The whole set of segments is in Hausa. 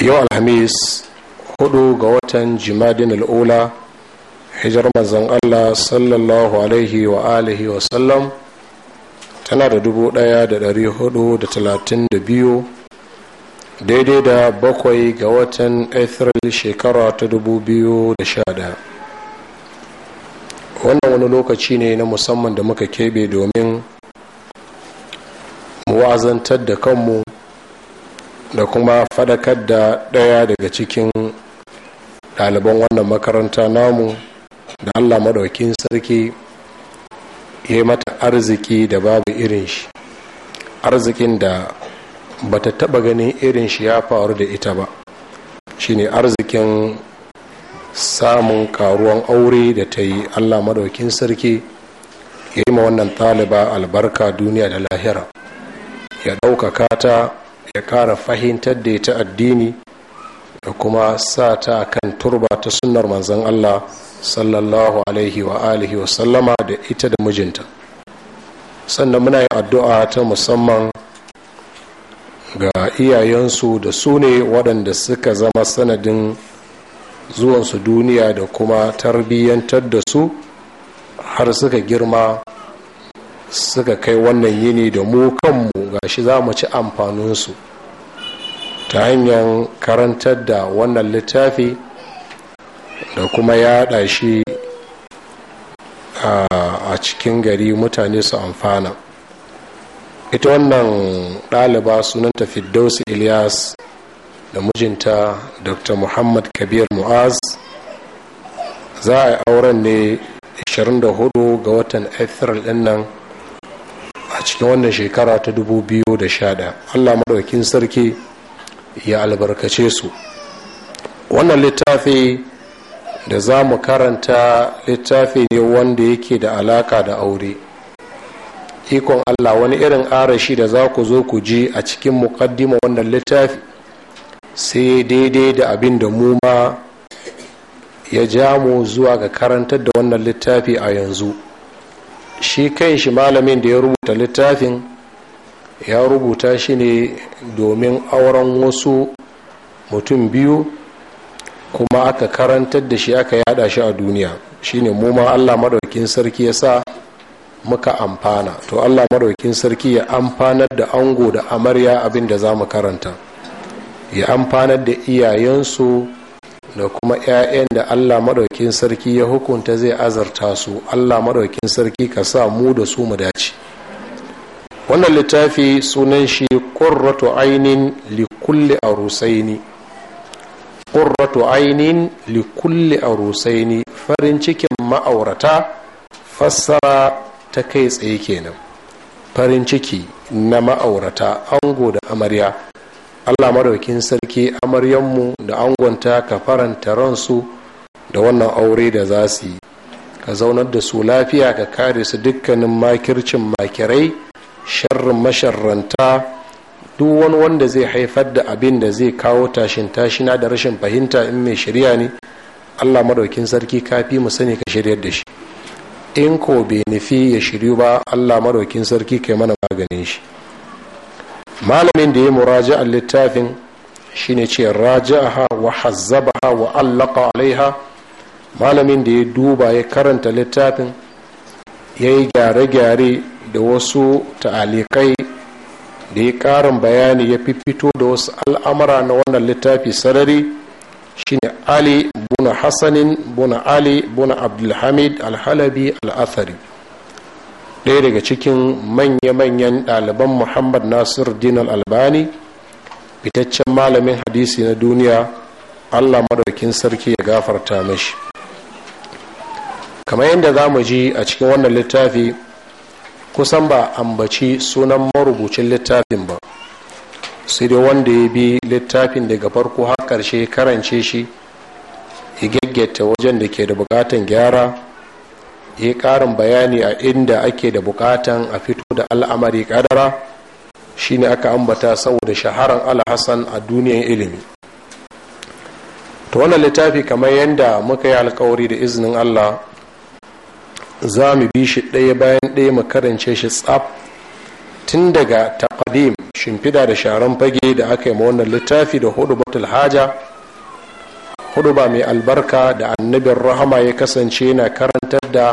yau alhamis hudu ga watan jimadin al'ula hijar mazan allah sallallahu alaihi wa alihi wa sallam tana da dubu daya da dari hudu da talatin da biyu daidai da bakwai ga watan april shekara ta dubu biyu da sha daya wannan wani lokaci ne na musamman da muka kebe domin wa'azantar da kanmu da kuma fadakar da ɗaya daga cikin ɗaliban wannan makaranta namu da allah maɗaukin sarki ya mata arziki da babu irin shi arzikin da bata taɓa ganin irin shi ya faru da ita ba shine arzikin samun karuwan aure da ta yi allah maɗaukin sarki ya yi ma wannan ɗaliba albarka duniya da lahira ya ɗaukaka ta ya kara fahimtar da ita addini da kuma sa ta kan turba ta sunnar manzan Allah sallallahu alaihi wa alihi wa sallama da ita da mijinta sannan muna yi addu'a ta musamman ga iyayensu da su ne waɗanda suka zama sanadin zuwansu duniya da kuma tarbiyyantar da su har suka girma suka kai wannan yini da mu kanmu gashi za mu ci amfaninsu ta hanyar karantar da wannan littafi da kuma yaɗa shi ah, a cikin gari mutane su amfana ita wannan ɗaliba sunanta fiddaus ilyas da mijinta dr muhammad kabir mu'az za a yi auren ne 24 ga watan april ɗin nan a cikin wannan shekara ta 2011 allah maɗaukin sarki ya albarkace su wannan littafi da za mu karanta littafi ne wanda yake da alaka da aure ikon allah wani irin arashi da za ku zo ku ji a cikin mukaddima wannan littafi sai daidai da abin da mu ma ya ja mu zuwa ga karantar da wannan littafi a yanzu shi kan shi malamin da ya rubuta littafin ya rubuta shi ne domin auren wasu mutum biyu kuma aka karantar da shi aka yada shi a duniya shine mu ma allah madaukin sarki ya sa muka amfana to allah madaukin sarki ya amfanar da ango da amarya abin da za mu karanta ya amfanar da iyayensu da kuma 'ya'yan da allah maɗaukin sarki ya hukunta zai azarta su allah maɗaukin sarki ka sa mu da su mu dace wannan littafi sunan shi ƙurratu ainihin likulli a rusaini ƙurratu ainin likulli a rusaini farin cikin ma'aurata fassara ta kai tsaye kenan farin ciki na ma'aurata ango da amarya allah madaukin sarki amaryanmu da angonta ka faranta ransu da wannan aure da za su yi ka zaunar da su lafiya ka kare su dukkanin makircin makirai sharrin masharranta duk wani wanda zai haifar da abin da zai kawo tashin tashina da rashin fahimta in mai shirya ne allah madaukin sarki kafi mu sani ka shiryar da shi in ko bai nufi ya shiryu ba allah madaukin sarki ka kai mana maganin shi malamin da ya muraja littafin shine ce ha wa ha wa allaka alaiha malamin da ya duba ya karanta littafin ya yi gyare-gyare da wasu ta'alikai da ya karin bayani ya fito da wasu al'amura na wannan littafi sarari shine ali buna hassanin buna ali buna abdulhamid alhalabi al'athari ɗaya daga cikin manya-manyan ɗaliban muhammad nasiru dinar albani fitaccen malamin hadisi na duniya allah maɗaukin sarki ya gafarta mashi kamar yadda za mu ji a cikin wannan littafi kusan ba ambaci sunan marubucin littafin ba sai dai wanda ya bi littafin daga farko har ƙarshe karance shi ya gaggeta wajen da ke da bukatan gyara yi ƙarin bayani a inda ake da bukatan a fito da al'amari kadara shine aka ambata saboda shaharan alhassan a duniyan ilimi ta wannan littafi kamar yadda muka yi alkawari da izinin allah za mu bi shi ɗaya bayan ɗaya mu karance shi tsaf tun daga taqadim shimfida da sharan fage da aka yi ma wannan littafi da hudu batul haja hudu ba mai albarka da annabin rahama ya kasance na karantar da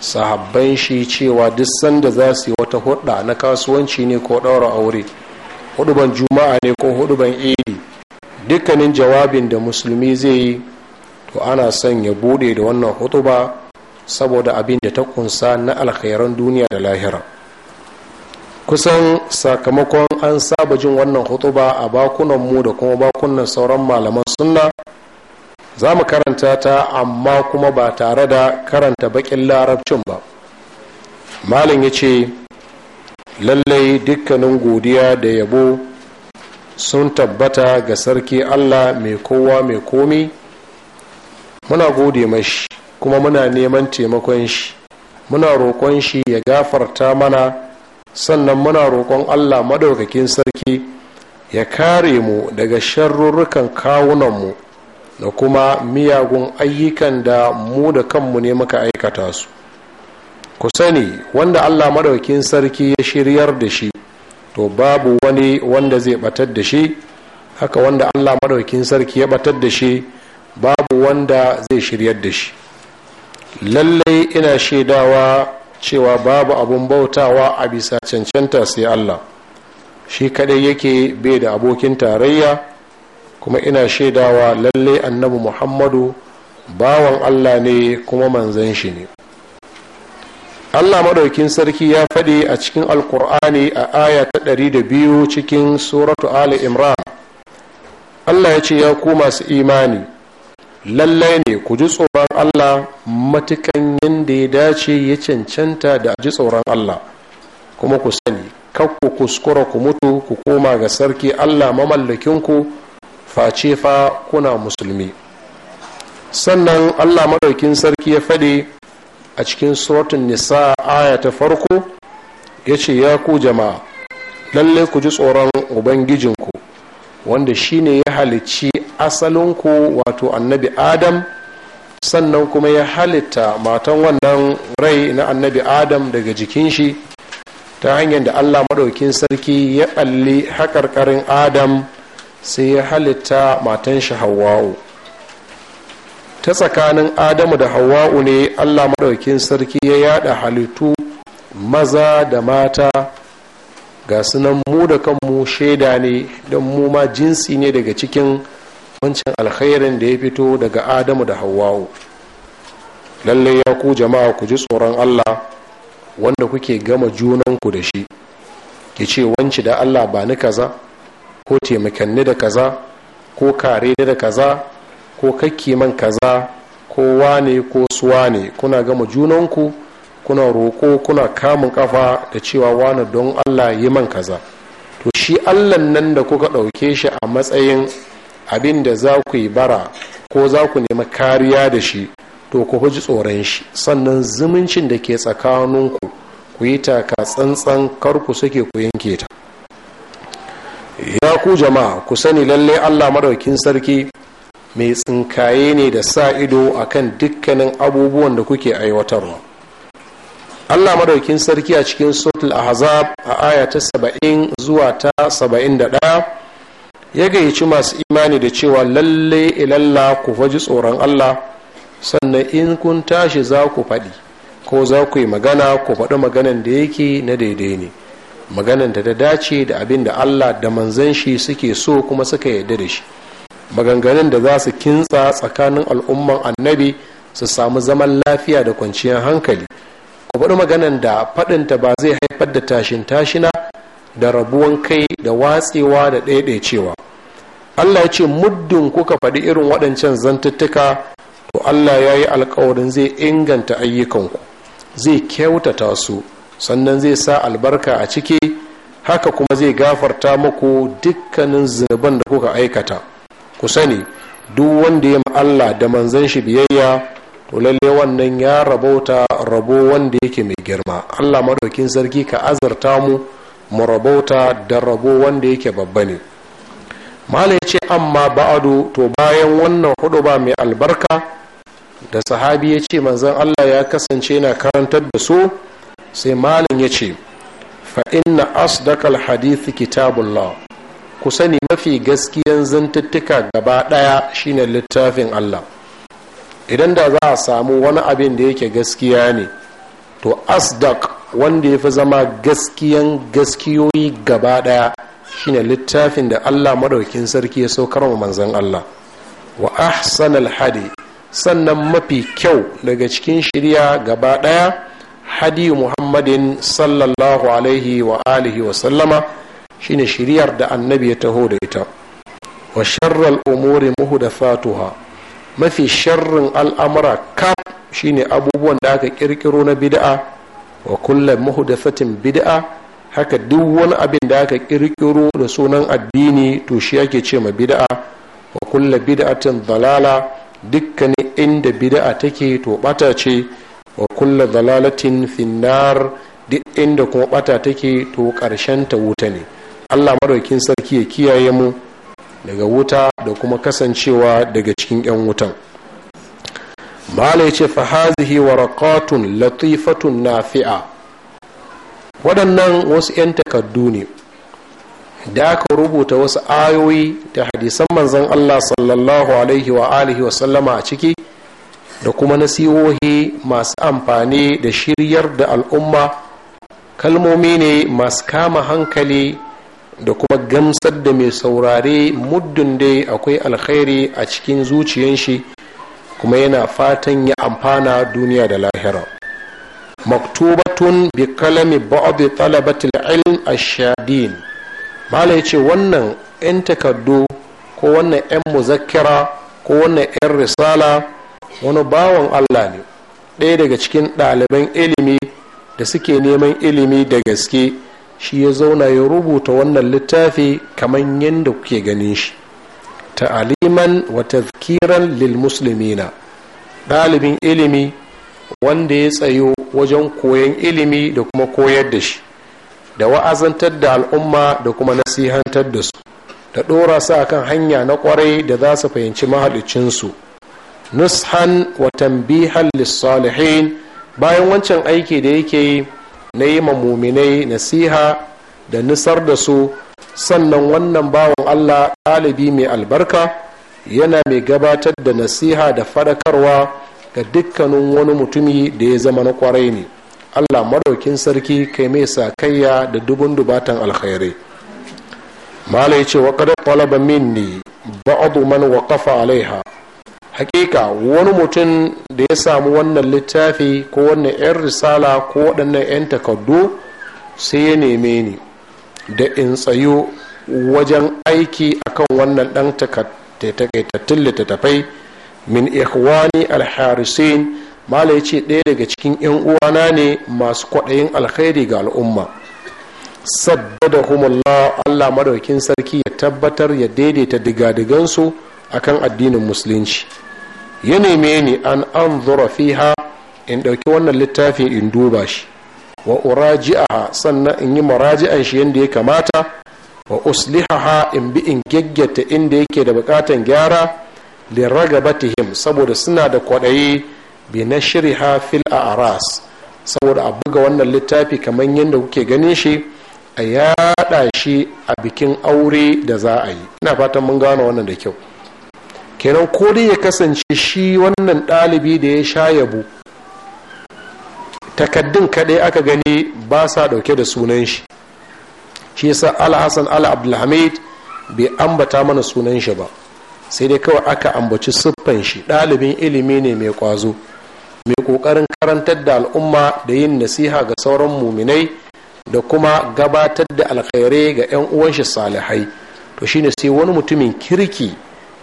sahabban shi cewa duk sanda za su yi wata hudda na kasuwanci ne ko ɗaura aure huduban juma'a ne ko huduban idi dukkanin jawabin da musulmi zai yi to ana son ya bude da wannan huduba saboda abin da ta kunsa na alkhairan duniya da lahira kusan sakamakon an saba jin wannan hutuba a bakunan mu da kuma bakunan sauran malaman sunna za mu karanta ta amma kuma ba tare da karanta bakin larabcin ba malin ya ce lallai dukkanin godiya da yabo sun tabbata ga sarki allah mai kowa mai komi muna gode mashi kuma muna neman taimakon shi muna roƙon shi ya gafarta mana sannan muna roƙon allah maɗaukakin sarki ya kare mu daga sharrurrukan kawunanmu da kuma miyagun ayyukan da mu da kanmu ne muka aikata su ku sani wanda allah maɗaukakin sarki ya shiryar da shi to babu wani wanda zai batar da shi haka wanda allah maɗaukakin sarki ya batar da shi babu wanda zai shiryar da shi lallai ina shaidawa cewa babu abun bautawa a bisa cancanta sai Allah shi kadai yake bai da abokin tarayya kuma ina shaidawa lalle annabi Muhammadu bawan Allah ne kuma manzan shi ne Allah madaukin sarki ya faɗi a cikin alkur'ani a aya ta ɗari da biyu cikin suratu Ali Imran Allah ya ce ya ku masu imani lallai ne ku ji tso tsoron Allah matukan yadda ya dace ya cancanta da aji tsoron Allah kuma ku sani ku kuskura ku mutu ku koma ga sarki Allah mamallakinku face fa kuna musulmi sannan Allah madaukin sarki ya fade a cikin suratun nisa aya ta farko ya ce ya ku jama'a lalle ku ji tsoron ubangijinku wanda shine ya halicci asalinku wato annabi adam sannan kuma ya halitta matan wannan rai na annabi adam daga jikin shi ta hanyar da allah maɗaukin sarki ya ɓalli haƙarƙarin adam sai ya halitta matan shi hawa'u ta tsakanin adamu da hawa'u ne allah maɗaukin sarki ya yada halittu maza da mata ga sunan mu da kanmu shaida ne don mu ma jinsi ne daga cikin wancan alkhairin da ya fito daga adamu da hawawu lalle ya ku jama'a ku ji tsoron allah wanda kuke gama junanku da shi ki ce wanci da allah ba ni kaza ko taimakanni da kaza ko kare da kaza ko kakki man kaza ko wane ko suwa ne kuna gama junanku kuna roko kuna kamun kafa da cewa wane don allah yi man kaza to shi allan nan da kuka ɗauke shi a matsayin abin da za ku yi bara ko za ku nemi kariya da shi to ku fi tsoron shi sannan zumuncin da ke tsakaninku ku yi taka tsantsan kar ku suke ku yanke ta ya ku jama'a ku sani lalle allah madaukin sarki mai tsinkaye ne da sa ido a kan dukkanin abubuwan da kuke aiwatarwa allah madaukin sarki a cikin sotul ahzab a aya ta saba'in zuwa ta saba'in da ɗaya ya gayyaci masu imani da cewa lalle ilalla ku faji tsoron allah sannan in kun tashi za ku faɗi ko za ku yi magana ku faɗi maganan da yake na daidai ne maganan da ta dace da abin da allah da manzan shi suke so kuma suka yarda da shi maganganun da za su kintsa tsakanin al'umman annabi su samu zaman lafiya da kwanciyar hankali ku faɗi maganan da faɗinta ba zai haifar da tashin tashina da rabuwan kai da watsewa da ɗaiɗaicewa allah ya ce muddin kuka faɗi irin waɗancan zantattuka to allah ya yi alkawarin zai inganta ayyukanku zai kyautata su sannan zai sa albarka a ciki haka kuma zai gafarta muku dukkanin zunuban da kuka aikata ku sani duk wanda ya allah da manzan shi biyayya to lalle wannan ya rabauta rabo wanda yake mai girma allah maɗaukin sarki ka azarta mu mu rabauta da rabo wanda yake babba ne malai ce amma ba'adu to bayan wannan hudu ba mai albarka da sahabi ya ce manzan allah ya kasance yana karantar da su sai malin ya ce fa inna asdaqal kitabun kitabullah ku sani mafi gaskiyan zantattuka gaba daya shine littafin allah idan da za a samu wani abin da yake gaskiya ne to asdak wanda ya fi zama gaskiyan gaskiyoyi gaba daya shine littafin da Allah maɗaukin sarki ya saukar wa manzon Allah wa ahsanal hadi sannan mafi kyau daga cikin shirya gaba daya hadi muhammadin sallallahu alaihi wa alihi wa sallama shine shiryar da annabi ya taho da ita wa sharral umuri muhdathatuha mafi sharrin al'amura kaf shine abubuwan da aka kirkiro na bid'a wa kullum muhdathatin bid'a haka duk wani abin da aka kirkiro da sunan addini to shi yake ce ma bid'a wa kulla bid'atin dalala dukkanin inda bid'a take to bata ce wa kulla dalalatin finnar duk inda kuma bata take to karshen ta wuta ne Allah madaukin sarki ya kiyaye mu daga wuta da kuma kasancewa daga cikin 'yan wutan mala ce fa fahazihi warakatun latifatun nafi'a waɗannan wasu 'yan takardu ne da aka rubuta wasu ayoyi da hadisan manzan Allah sallallahu alaihi wa alihi wa sallama a ciki da kuma nasihohi masu amfani da shiryar da al'umma kalmomi ne masu kama hankali da kuma gamsar da mai saurare muddin dai akwai alkhairi a cikin zuciyanshi kuma yana fatan ya amfana duniya da lahira maktubatun bi kalami ba'd talabatil ilm ashadin mala yace wannan yan takardu ko wannan yan muzakkira ko wannan yan risala wani bawan Allah ne ɗaya daga cikin ɗaliban ilimi da suke neman ilimi da gaske shi ya zauna ya rubuta wannan littafi kamar yadda kuke ganin shi ta'aliman wa tazkiran lil muslimina ɗalibin ilimi wanda ya tsayo wajen koyon ilimi da kuma koyar da shi da wa'azantar da al'umma da kuma nasihantar da su da ɗora su akan hanya na ƙwarai da za su fahimci mahalicinsu nushan wa tambihan lissalihin bayan wancan aiki da yake yi na yi muminai nasiha da nisar da su sannan wannan bawan allah ɗalibi mai albarka yana mai gabatar da nasiha da faɗakarwa da dukkanin wani mutumi da ya zama na kwarai ne allah madaukin sarki kai mai sa sakayya da dubun dubatan alkhairi. mala ya ce wa kada talaba minni ba'adu man kafa alaiha hakika wani mutum da ya samu wannan littafi ko wannan 'yan risala ko waɗannan 'yan takardu sai ya neme ni da in tsayo wajen aiki akan wannan ɗan takaitattun littattafai min ikhwani alharisin mala ya ce ɗaya daga cikin 'yan uwana ne masu kwaɗayin alkhairi ga al'umma da humullah allah madaukin sarki ya tabbatar ya daidaita digadigansu akan addinin musulunci ya neme ni an an fiha in ɗauki wannan littafin in duba shi wa uraji'aha sannan in yi maraji'an shi yadda ya kamata wa usliha in bi in gaggata inda yake da bukatan gyara liragabatihim saboda suna da kwaɗayi bi na shirha fil a'ras saboda a buga wannan littafi kamar yadda kuke ganin shi a yaɗa shi a bikin aure da za a yi ina fatan mun gano wannan da kyau kenan ko dai ya kasance shi wannan ɗalibi da ya sha yabo takaddun kaɗai aka gani ba sa ɗauke da sunan shi shi yasa al hasan al abdulhamid bai ambata mana sunan shi ba sai dai kawai aka ambaci siffan shi ɗalibin ilimi ne mai kwazo mai ƙoƙarin karantar da al'umma da yin nasiha ga sauran muminai da kuma gabatar da alkhairai ga 'yan uwanshi salihai to shine sai wani mutumin kirki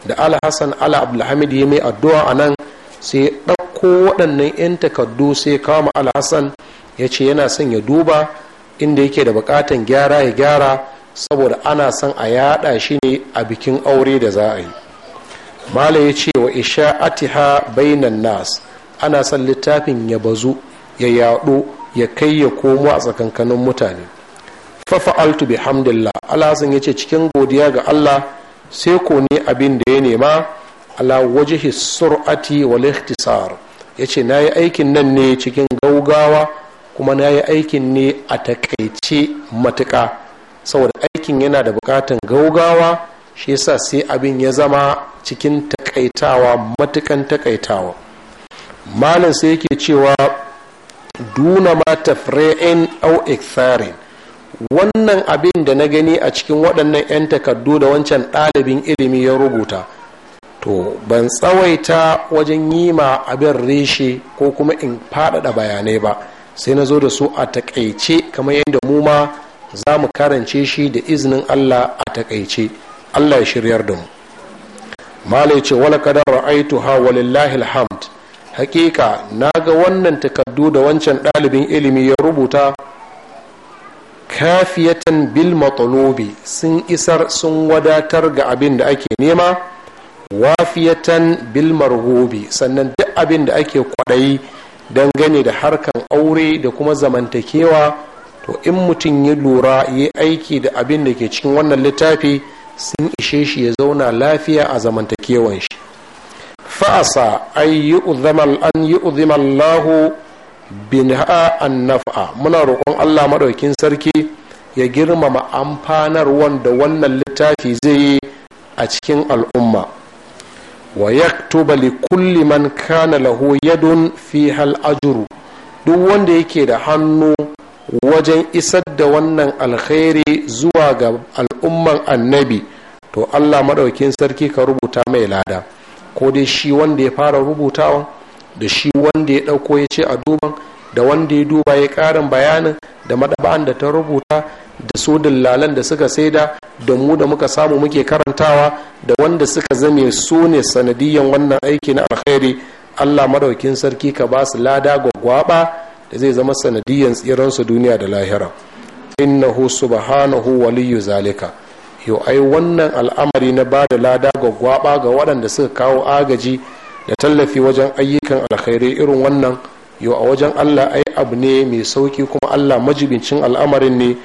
da alhassan ala abdulhamid ya mai addu'a a nan sai ɗauko waɗannan 'yan takardu sai kama alhassan ya ce yana son ya duba inda yake da buƙatan gyara ya gyara saboda ana son a yada shi ne a bikin aure da za a yi mala ya ce wa isha atiha bainan nas ana san littafin ya bazu ya yaɗo ya kai ya komo a tsakankanin mutane fafa'altu bi hamdillah alhassan ya ce cikin godiya ga allah sai ko ne abin da ya nema ala wajihi sur'ati wal ikhtisar ya ce na yi aikin nan ne cikin gaugawa kuma na yi aikin ne a takaice matuka saboda aikin yana da buƙatan gaugawa shi yasa sai abin ya zama cikin takaitawa matukan takaitawa malam sai yake cewa duna ma tafri'in au ikhtharin wannan abin da na gani a cikin waɗannan 'yan takardu da wancan ɗalibin ilimi ya rubuta to ban tsawaita wajen yi ma abin reshe ko kuma in faɗaɗa bayanai ba sai na zo da su a takaice kamar yadda mu ma za mu karance shi da izinin allah a takaice allah ya shiryar da mu malai ce wala kadar ra'aitu ha walillahi alhamd hakika na ga wannan takardu da wancan ɗalibin ilimi ya rubuta kafiyatan bil matalobi sun isar sun wadatar ga abin da ake nema wafiyatan bil marhubi sannan duk abin da ake kwaɗayi dangane da harkan aure da kuma zamantakewa to in mutum ya lura ya aiki da abin da ke cikin wannan littafi sun ishe shi ya zauna lafiya a zamantakewan shi fa'asa an yi uzimar lahu uzimallahu bin an nafa'a muna roƙon allah maɗaukin sarki ya girmama amfanarwan wanda wannan littafi zai yi a cikin al'umma wa ya li kana lahu yadun fi hal ajuru duk wanda yake da hannu wajen isar da wannan alkhairi zuwa ga al'umman annabi to allah maɗaukin sarki ka rubuta mai lada ko dai shi wanda ya fara rubutawa da shi wanda ya ɗauko ya ce a duban da wanda ya duba ya ƙarin bayanin da maɗaba'an da ta rubuta da su dillalan da suka saida da mu da muka samu muke karantawa da wanda suka zame su ne sanadiyan wannan aiki na alkhairi allah maɗaukin sarki ka ba su lada gwagwaba da zai zama sanadiyan tsiransu duniya da lahira innahu subhanahu waliyu zalika yau ai wannan al'amari na ba da lada gwaba ga waɗanda suka kawo agaji da tallafi wajen ayyukan alkhairi irin wannan yau a wajen allah ai abu ne mai sauki kuma allah majibincin al'amarin ne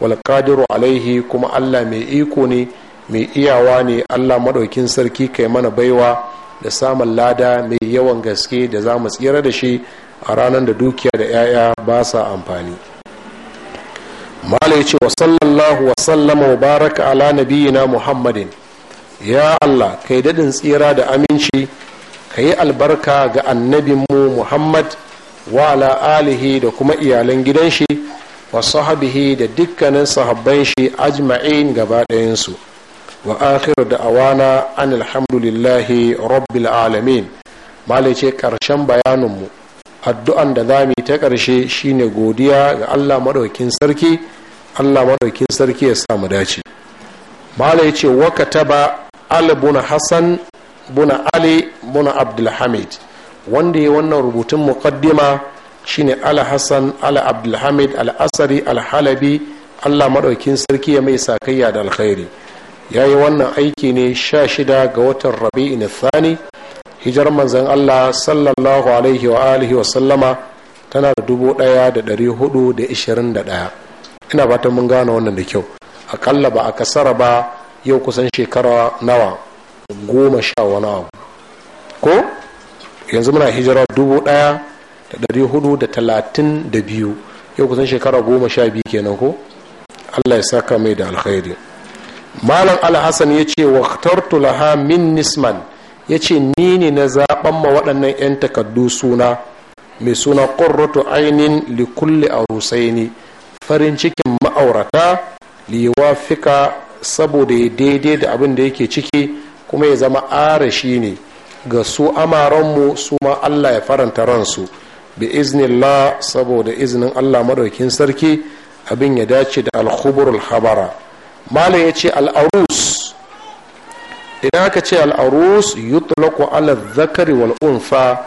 walƙadiru alaihi kuma allah mai iko ne mai iyawa ne allah maɗaukin sarki kai mana baiwa da samun lada mai yawan gaske da za mu tsira da shi a ranar da dukiya da 'ya'ya ba sa amfani malai ce wa sallallahu wa sallama wa baraka ala nabiyina muhammadin ya allah kai daɗin tsira da aminci ka yi albarka ga annabinmu muhammad wa ala alihi da kuma iyalan gidan shi wa sahabihi da dukkanin sahabban shi ajma'in gaba ɗayansu wa akhir da awana an alhamdulillahi rabbil alamin malai ce ƙarshen bayaninmu addu'an da za mu yi ta ƙarshe shine godiya ga allah maɗaukin sarki allah maɗaukin sarki ya sa mu dace malai ce waka taba ali buna hassan buna ali buna abdulhamid wanda ya wannan rubutun muqaddima shine al hassan al abdulhamid al asari alhalabi allah maɗaukin sarki ya mai sakayya da alkhairi ya yi wannan aiki ne sha shida ga watan rabi'in thani hijar manzan allah sallallahu alaihi wa alihi wa sallama tana da dubu daya da dari hudu da ishirin da daya ina fatan mun gane wannan da kyau akalla ba a kasara ba yau kusan shekara nawa goma sha wani abu ko yanzu muna hijira dubu daya da dari hudu da talatin da biyu yau kusan shekara goma sha biyu kenan ko allah ya saka mai da alkhairi malam alhassan ya ce waktartu laha min nisman ya ce ni ne na zaɓen ma waɗannan 'yan takardu suna mai suna ƙorrotu ainihin likulli a rusaini farin cikin ma'aurata liwa fika saboda ya daidai da abin da yake ciki kuma ya zama arashi ne ga su amaranmu su ma allah ya faranta ransu bi iznillah saboda iznin allah madaukin sarki abin ya dace da alkhuburul habara malam ya ce al'arus idan aka ce al'arus yutlaqu ala zakari wal unfa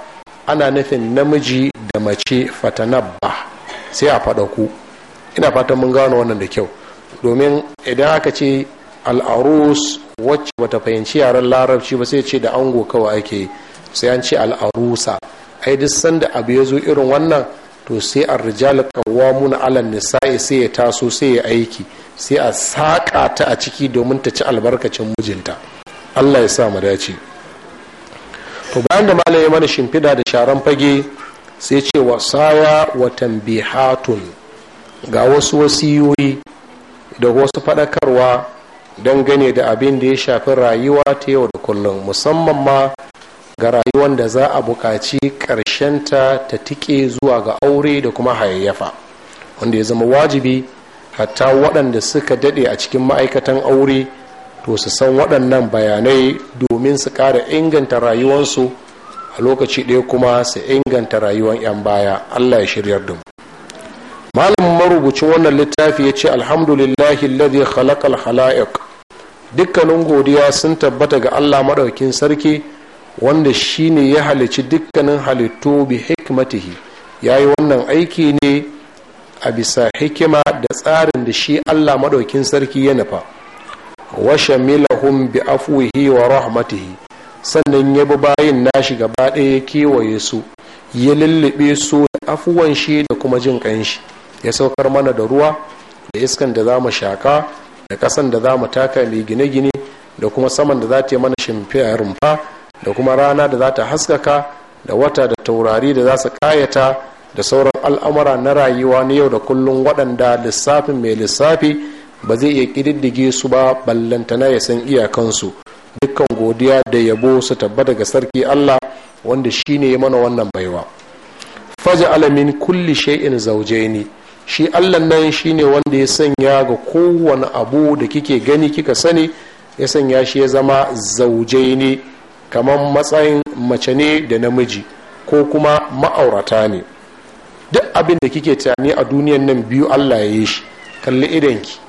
ana nufin namiji da mace fatanabba sai a faɗa ku ina fatan mun gano wannan da kyau domin idan aka ce al'arus wacce bata fahimci yaren larabci ba sai ce da ango kawai ake sai an ce al'arusa ai duk sanda abu ya zo irin wannan to sai a rijal kawamun ala nisa'i sai ya taso sai ya aiki sai a saƙa ta a ciki domin ta ci albarkacin mijinta allah ya sa mu dace to bayan da malam ya mana shimfiɗa da sharan fage sai ce wasaya wa tambihatun ga wasu wasiyoyi da wasu faɗakarwa gane da abin da ya shafi rayuwa ta yau da kullum musamman ma ga rayuwan da za a buƙaci ƙarshenta ta ta tike zuwa ga aure da kuma hayayyafa wanda ya zama wajibi hatta waɗanda suka daɗe a cikin ma'aikatan aure to su san waɗannan bayanai domin su ƙara inganta rayuwarsu a lokaci ɗaya kuma su inganta rayuwar 'yan baya allah ya shiryar da malamin marubucin wannan littafi ya ce alhamdulillahi alladhi khalaqal hala'iq dukkanin godiya sun tabbata ga allah maɗaukin sarki wanda shine ya halici dukkanin halittu bi hikmatihi ya yi wannan aiki ne a bisa hikima da tsarin da shi allah maɗaukin sarki ya nufa wa shamilahum bi afwihi wa rahmatihi sannan ya bi bayin nashi gaba ɗaya ya kewaye su ya lullube su da afuwan shi da kuma jin ƙanshi ya saukar mana da ruwa da iskan da za mu shaƙa da ƙasan da za mu taka mai gine-gine da kuma saman da za ta yi mana shimfiya rumfa da kuma rana da za ta haskaka da wata da taurari da za su ƙayata da sauran al'amura na rayuwa na yau da kullum waɗanda lissafin mai lissafi ba zai iya kididdige su ba ballantana ya san iyakansu dukkan godiya da yabo su tabba daga sarki allah wanda shi ne ya mana wannan baiwa faja alamin kulli zauje zaujaini shi allah nan shi ne wanda ya sanya ga kowane abu da kike gani kika sani ya sanya shi ya zama zauje zaujaini kamar matsayin mace ne da namiji ko kuma ma'aurata ne duk abin da kike tunani a duniyan nan biyu allah ya yi shi kalli idanki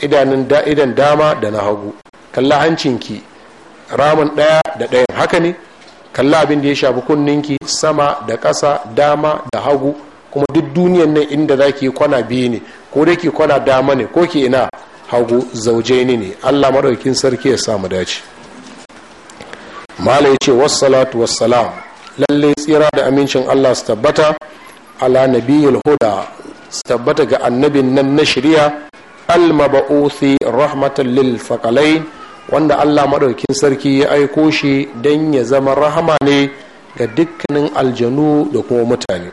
idan dama da na hagu kalla hancinki ramin ɗaya da ɗayan haka ne kalla abin da ya shafi kunninki sama da ƙasa dama da hagu kuma duk duniyan nan inda za ki kwana biyu ne ko da ki kwana dama ne ko ki ina hagu zauje ni ne allah maɗaukin sarki ya samu dace mala ya ce wassalatu wassalam lalle tsira da amincin allah su tabbata ala nabiyul huda su tabbata ga annabin nan na shirya al-mab'uthi rahmatan lil wanda Allah maɗaukin sarki ya aiko shi dan ya zama rahama ne ga dukkanin aljanu da kuma mutane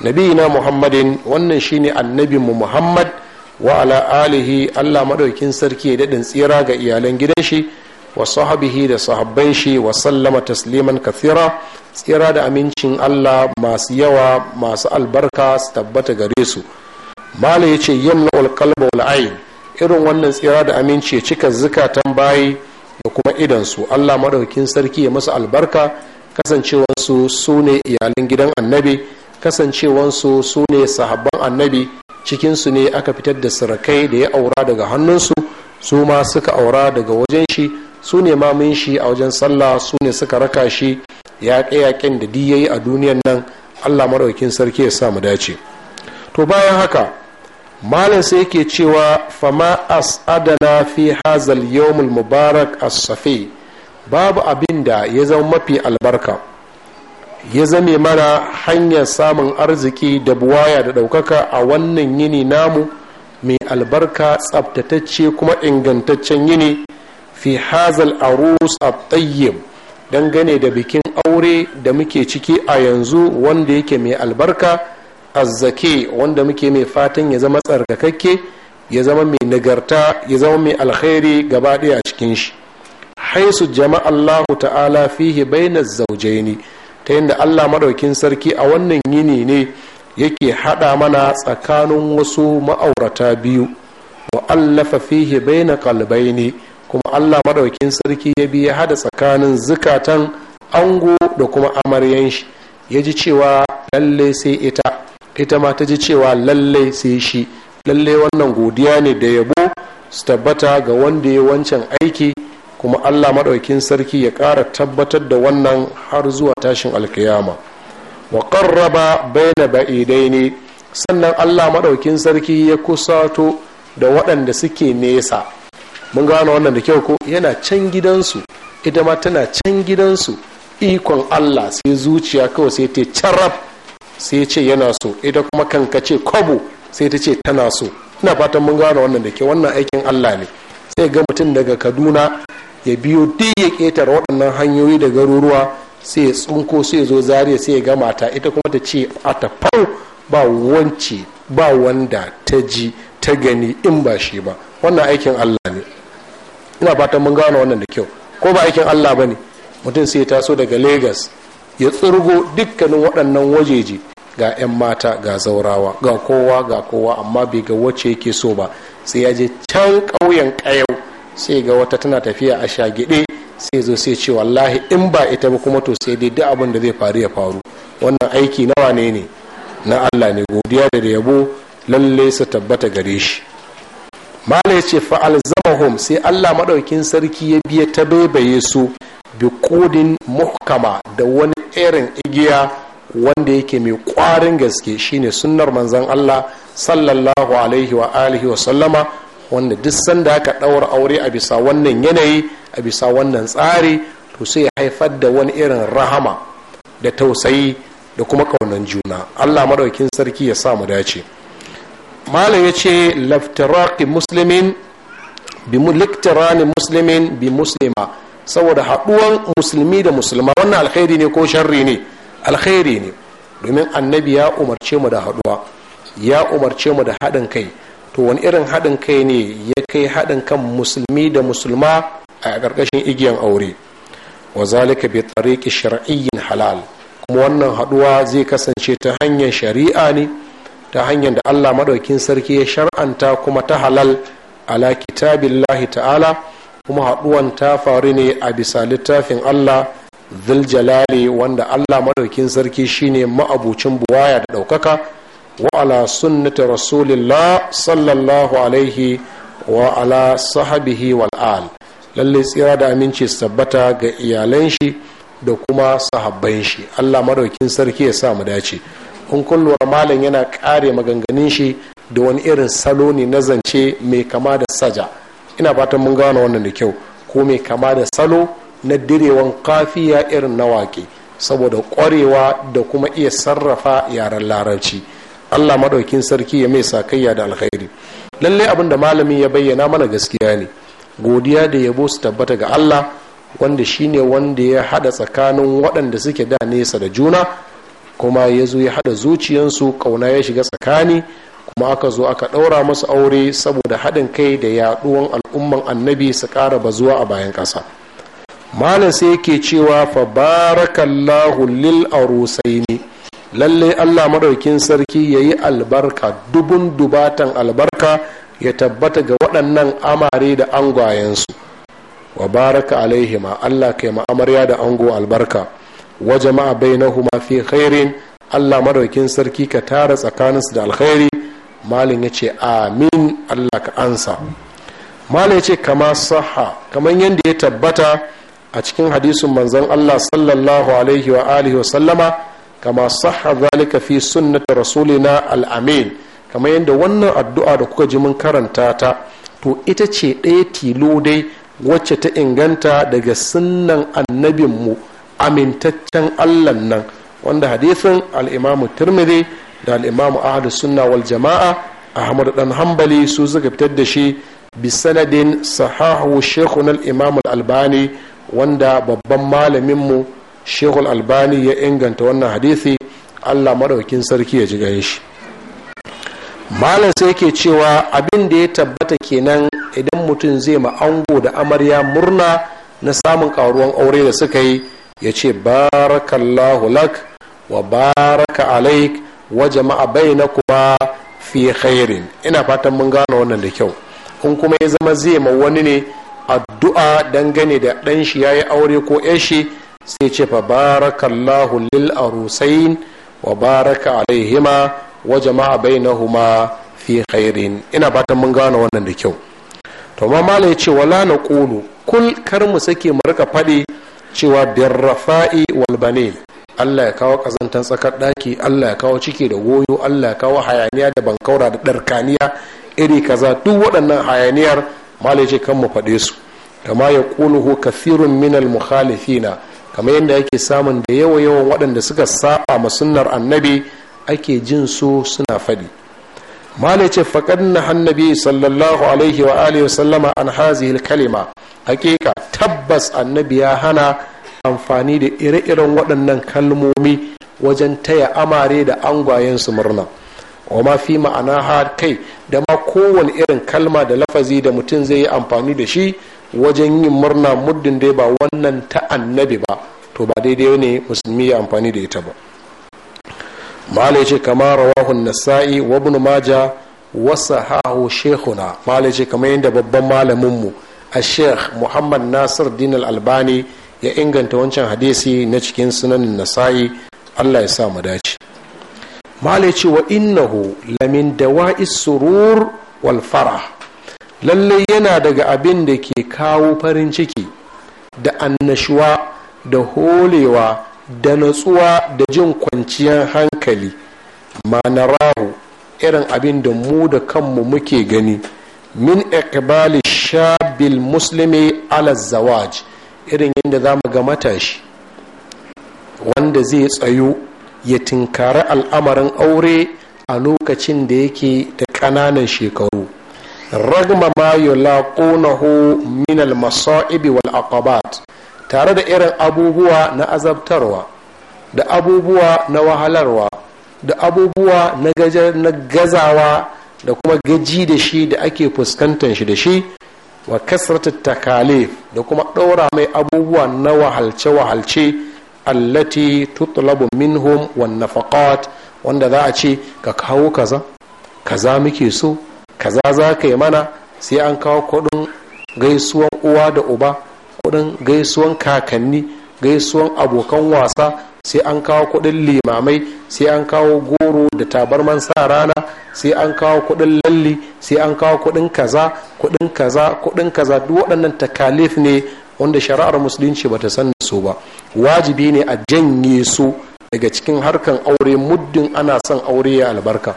nabiyina muhammadin wannan shine annabinmu muhammad wa ala alihi Allah maɗaukin sarki ya daɗin tsira ga iyalan gidan shi wa sahabihi da sahabban shi wa sallama tasliman kathira tsira da amincin Allah masu yawa masu albarka su tabbata gare su malam ya ce yamma alƙalba ayin irin wannan tsira da aminci ya cika zukatan bayi da kuma idansu allah maɗaukin sarki ya masa albarka kasancewansu su ne iyalin gidan annabi kasancewansu su ne sahabban annabi cikinsu ne aka fitar da sarakai da ya aura daga hannunsu su ma suka aura daga wajen shi su ne mamin shi a wajen sallah su ne suka raka shi yaƙe-yaƙen da diyayi a duniyan nan allah maɗaukin sarki ya sa mu dace to bayan haka malam sai yake cewa fama adana fi hazal yawmul mubarak as-safi babu abin da ya zama mafi albarka ya zame mana hanyar samun arziki da buwaya da ɗaukaka a wannan yini namu mai albarka tsabtatacce kuma ingantaccen yini fi hazal arus a don dangane da bikin aure da muke ciki a yanzu wanda yake mai albarka azzake wanda muke mai fatan ya zama tsarkakakke ya zama mai nagarta ya zama mai alkhairi gaba ɗaya a cikin shi haisu jama'a Allah ta'ala fihi bayna zaujaini ta yadda Allah madaukin sarki a wannan yini ne yake hada mana tsakanin wasu ma'aurata biyu wa allafa fihi bayna qalbaini kuma Allah madaukin sarki ya biya hada tsakanin zukatan ango da kuma amaryan shi ya ji cewa lalle sai ita ita ma ta ji cewa lallai sai shi lallai wannan godiya ne da yabo su tabbata ga wanda ya wancan aiki kuma allah maɗaukin sarki ya ƙara tabbatar da wannan har zuwa tashin alkiyama wa ƙarraba baina ba'idai ne sannan allah maɗaukin sarki ya kusato da waɗanda suke nesa mun gano wannan da kyau ko yana can gidansu ita ma tana can gidansu ikon allah sai zuciya kawai sai ta carab sai ce yana so ita kuma kanka ce kwabo sai ta ce tana so ina fatan mun gane wannan da ke wannan aikin allah ne sai ga mutum daga kaduna ya biyo duk ya ketar waɗannan hanyoyi da garuruwa sai ya tsunko sai ya zo zariya sai ya ga mata ita kuma ta ce a ta ba wance ba wanda ta ji ta gani in ba shi ba wannan aikin allah ne ina fatan mun gane wannan da kyau ko ba aikin allah ba ne mutum sai ya taso daga lagos ya tsirgo dukkanin waɗannan wajeji ga 'yan mata ga zaurawa ga kowa ga kowa amma bai ga wacce yake so ba sai ya je can ƙauyen ƙayau sai ga wata tana tafiya a shagide sai zo sai ce wallahi in ba ita ba kuma to sai dai duk abin da zai faru ya faru wannan aiki nawa ne ne na allah ne godiya da yabo lalle su tabbata gare shi mala ya ce hom sai allah maɗaukin sarki ya biya ta baibaye su bi kodin muhkama da wani irin igiya wanda yake mai kwarin gaske shine sunnar manzan Allah sallallahu alaihi wa alihi wa sallama wanda duk sanda aka ɗaura aure a bisa wannan yanayi a bisa wannan tsari to sai haifar da wani irin rahama da tausayi da kuma kaunan juna Allah madaukin sarki ya sa mu dace malam ya ce laftiraki muslimin bi liktirani muslimin bi muslima saboda haɗuwan musulmi da musulma wannan alkhairi ne ko sharri ne alkhairi ne domin annabi ya umarce mu da haduwa ya umarce mu da haɗin kai to wani irin haɗin kai ne ya kai haɗin kan musulmi da musulma a ƙarƙashin igiyan aure wa zalika bi tariqi shar'iyyin halal kuma wannan haɗuwa zai kasance ta hanyar shari'a ne ta hanyar da Allah madaukin sarki ya shar'anta kuma ta halal ala kitabillahi ta'ala kuma haɗuwan ta faru ne a bisa littafin Allah zuljalali wanda allah madaukin sarki shine ma'abucin buwaya da ɗaukaka wa ala sunnati rasulillah sallallahu alaihi wa ala sahabihi lallai lalle tsira da aminci sabbata ga iyalan shi da kuma sahabban shi allah madaukin sarki ya sa mu dace in kullum malam yana kare maganganun shi da wani irin salo ne na zance mai kama da saja ina fatan mun gano wannan da kyau ko mai kama da salo na direwan kafiya irin na waƙe saboda ƙwarewa da kuma iya sarrafa yaren larabci allah maɗaukin sarki ya mai sakayya da alkhairi lallai abin da malamin ya bayyana mana gaskiya ne godiya da yabo su tabbata ga allah wanda shine wanda ya haɗa tsakanin waɗanda suke da nesa da juna kuma ya zo ya haɗa zuciyansu ƙauna ya shiga tsakani kuma aka zo aka ɗaura musu aure saboda haɗin kai da yaɗuwan al'umman annabi su ƙara bazuwa a bayan ƙasa malam sai yake cewa fa barakallahu lil arusaini lalle Allah madaukin sarki ya yi albarka dubun dubatan albarka ya tabbata ga waɗannan amare da angwayensu wa baraka alaihima Allah kai ma'amarya da ango albarka wa jama'a bainahuma fi khairin Allah madaukin sarki ka tara tsakaninsu da alkhairi malin ya ce amin Allah ka ansa malin ya ce kama saha kamar yadda ya tabbata a cikin hadisin manzon Allah sallallahu alaihi wa alihi wa sallama kama sahha zalika fi sunnati rasulina al-amin kamar yadda wannan addu'a da kuka ji mun karanta ta to ita ce ɗaya tilo dai wacce ta inganta daga sunnan annabinmu amintaccen allah nan wanda hadisin al'imamu turmiri da al'imamu ahadu sunna wal jama'a ahmad dan hambali su suka fitar da shi bi sanadin sahahu shekunan imamul albani wanda babban malaminmu shekul albani ya inganta wannan hadisi allah maɗaukin sarki ya ji shi malam sai ke cewa abin da ya tabbata kenan idan mutum zai ma ango da amarya murna na samun karuwan aure da suka yi ya ce barakallahu lak wa baraka alaik wa jama'a baina kuma fi khairin ina fatan mun gane wannan da kyau in kuma ya zama zai ma wani ne addu'a dangane da ɗan shi ya yi aure ko yashi sai ce fa barakallahu lil arusain wa baraka alaihima wa jama'a bainahuma fi khairin ina fatan mun gane wannan da kyau to ma mala ya ce wala na kulu kul kar mu sake mu rika faɗi cewa birrafa'i wal walbane Allah ya kawo kazantan tsakar daki Allah ya kawo ciki da goyo Allah ya kawo hayaniya da bankaura da ɗarkaniya iri kaza duk waɗannan hayaniyar malai ce kan mu faɗe su kama ya ƙuluhu kathirun minal mukhalifina kamar yadda ake samun da yawa yawan waɗanda suka saba ma sunnar annabi ake jin su suna faɗi malai ce faƙad na hannabi sallallahu alaihi wa alihi sallama an hazihil kalima hakika tabbas annabi ya hana amfani da ire-iren waɗannan kalmomi wajen taya amare da angwayensu murna wa ma fi ma'ana har kai da ma kowane irin kalma da lafazi da mutum zai yi amfani da shi wajen yin murna muddin dai ba wannan ta annabi ba to ba daidai ne musulmi ya amfani da ita ba mala ya ce kama rawahun nasa'i wa ibn maja wa sahahu shehuna mala ya ce kamar yadda babban malaminmu a sheikh muhammad nasir din albani ya inganta wancan hadisi na cikin sunanin nasa'i allah ya sa mu dace mala ce wa innahu lamin dawa surur wal lallai yana daga abin da ke kawo farin ciki da annashuwa da holewa da natsuwa da jin kwanciyar hankali ma na rahu irin abin da mu da kanmu muke gani min iqbali shabil muslimi ala zawaj irin yadda za mu ga matashi wanda zai tsayo ya tinkari al'amarin aure a lokacin da yake da ƙananan shekaru ragma ma yulaqunahu min minal masaib wal aqabat tare da irin abubuwa na azabtarwa da abubuwa na wahalarwa da abubuwa na gazawa da kuma gaji da shi da ake fuskantar shi da shi wa kasratat takalif da kuma ɗaura mai abubuwa na wahalce-wahalce allati tutlabu minhum wan nafaqat wanda za a ce ka kawo kaza kaza muke so kaza za ka yi mana sai an kawo kudin gaisuwan uwa da uba kudin gaisuwan kakanni gaisuwan abokan wasa sai an kawo kudin limamai sai an kawo goro da tabarman sa rana sai an kawo kudin lalli sai an kawo kudin kaza kudin kaza kudin kaza duk waɗannan takalif ne wanda shari'ar musulunci ba ta san da su ba wajibi ne a janye su daga cikin harkan aure muddin ana son aure ya albarka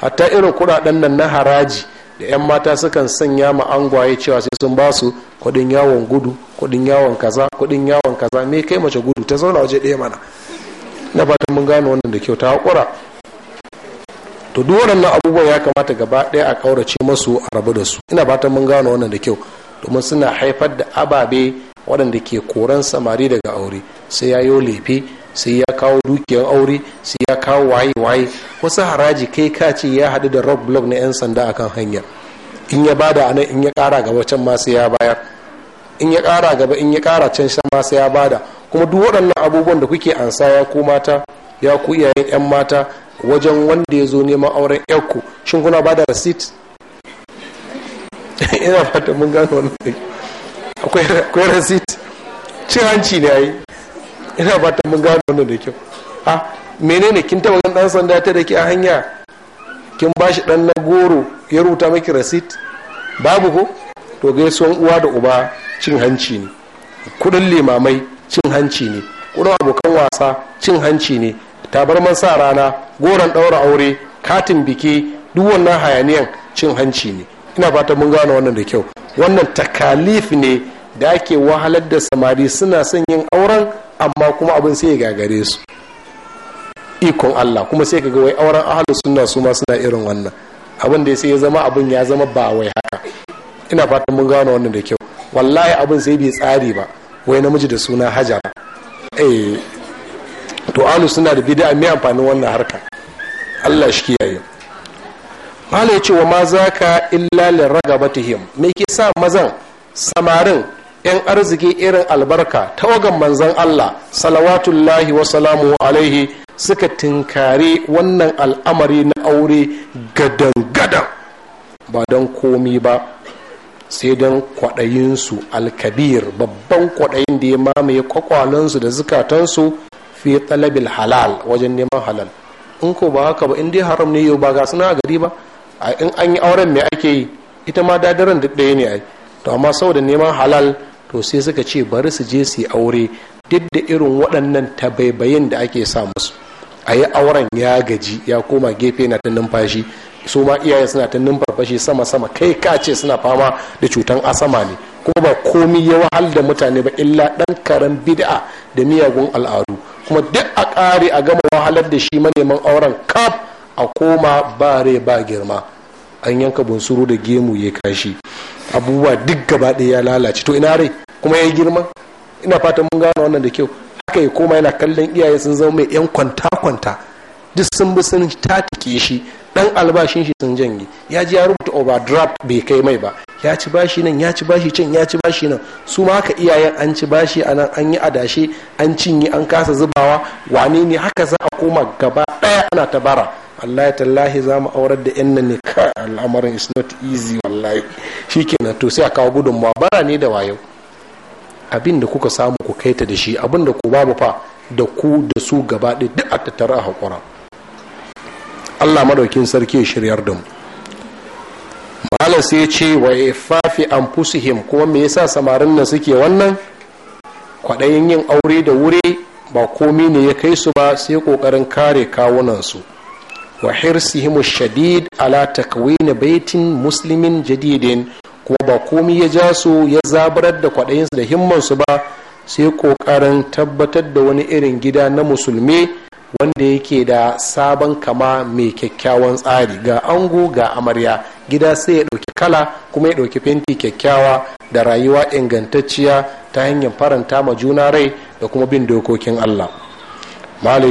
hatta irin kudaden nan na haraji da 'yan mata sukan sanya ma angwaye cewa sai sun ba su kuɗin yawon gudu kuɗin yawon kaza kuɗin yawon kaza me kai mace gudu ta zauna waje ɗaya mana na fatan mun gano wannan da kyau ta haƙura to duk waɗannan abubuwa ya kamata gaba ɗaya a ƙaurace masu a rabu da su ina fatan mun gano wannan da kyau domin suna haifar da ababe waɗanda ke koran samari daga aure sai ya yo lefe sai ya kawo dukiyar aure sai ya kawo waye-waye wasu haraji kai ka ce ya haɗu da rock block na 'yan sanda akan hanya in ya bada a nan in ya ƙara gaba can ma sai ya bayar in ya ƙara gaba in ya ƙara can ma sai ya bada kuma duk waɗannan abubuwan da kuke ansa ya ku mata ya ku iyayen 'yan mata wajen wanda ya zo neman auren ku shin kuna bada receipt ina fata mun gano wannan akwai receipt cin hanci ne yi ina ba mun gano wannan da kyau a menene kin taba ganin dan sanda ta da ke a hanya kin ba shi dan na goro ya rubuta maki rasit babu ko to gaisuwan uwa da uba cin hanci ne kudin limamai cin hanci ne kudin abokan wasa cin hanci ne tabarman sa rana goron ɗaura aure katin biki duk wannan hayaniyan cin hanci ne ina fata mun gano wannan da kyau wannan takalif ne da ake wahalar da samari suna son yin auren amma kuma abin sai ya gagare su ikon Allah kuma sai ga wai auren ahalus suna su ma suna irin wannan abin da sai ya zama abin ya zama ba wai haka ina fatan mun gano wannan da kyau wallahi abin sai bai tsari ba wai namiji da suna hajara eh to ahalus sunna da bid'a me amfanin wannan harka Allah shi kiyaye malai ce wa ma zaka illa liragabatihim me ke sa mazan samarin 'yan arziki irin albarka ta tawagan manzan allah salawatullahi salamu alaihi suka tinkari wannan al'amari na aure gadan-gadan ba don komi ba sai don kwaɗayinsu alkabir babban kwaɗayin da ya mamaye kwakwalansu da zukatansu fi talabil halal wajen neman halal in ko ba haka ba in dai haram ne yau ba ga suna gari ba in an yi auren me ake yi ita ma dadaran duk ɗaya ne ai to amma saboda neman halal to sai suka ce bari su je su yi aure duk da irin waɗannan tabaibayin da ake sa musu a yi auren ya gaji ya koma gefe na ta numfashi su ma iyayen suna ta numfarfashi sama-sama kai ka ce suna fama da cutan asama ne kuma ba komi ya wahal da mutane ba illa ɗan karen bid'a da miyagun al'adu kuma duk a ƙare a gama wahalar da shi maneman auren kaf a koma ba rai ba girma an yanka bunsuru da gemu ya kashi abubuwa duk gaba ɗaya ya lalace to ina rai kuma ya girma ina fatan mun gano wannan da kyau haka ya koma yana kallon iyaye sun zama mai yan kwanta kwanta duk sun bi sun tatike shi dan albashin shi sun janye ya ji ya rubuta overdraft bai kai mai ba ya ci bashi nan ya ci bashi can ya ci bashi nan su ma haka iyayen an ci bashi a nan an yi adashi an cinye an kasa zubawa wane ne haka za a koma gaba daya ana tabara bara ya tallahi za mu aurar da yan nan ne ka al'amarin is not easy wallahi kenan to sai a kawo gudunmawa bara ne da wayo abin da kuka samu ku kai ta da shi abin da ku babu fa da ku da su gaba duk a tattara a haƙura allah madaukin sarki ya shiryar da mu malam sai ya ce wa ifafi anfusihim kuma me yasa samarin nan suke wannan kwaɗayin yin aure da wuri ba komi ne ya kai su ba sai ƙoƙarin kare kawunan su wa hirsihimu shadid ala takwini baitin muslimin jadidin kuma ba komi ya ja su ya zabarar da kwaɗayinsu da himmansu ba sai ƙoƙarin tabbatar da wani irin gida na musulmi wanda yake da sabon kama mai kyakkyawan tsari ga ango ga amarya gida sai ya ɗauki kala kuma ya ɗauki fenti kyakkyawa da rayuwa ingantacciya ta hanyar faranta ma juna rai da kuma bin dokokin allah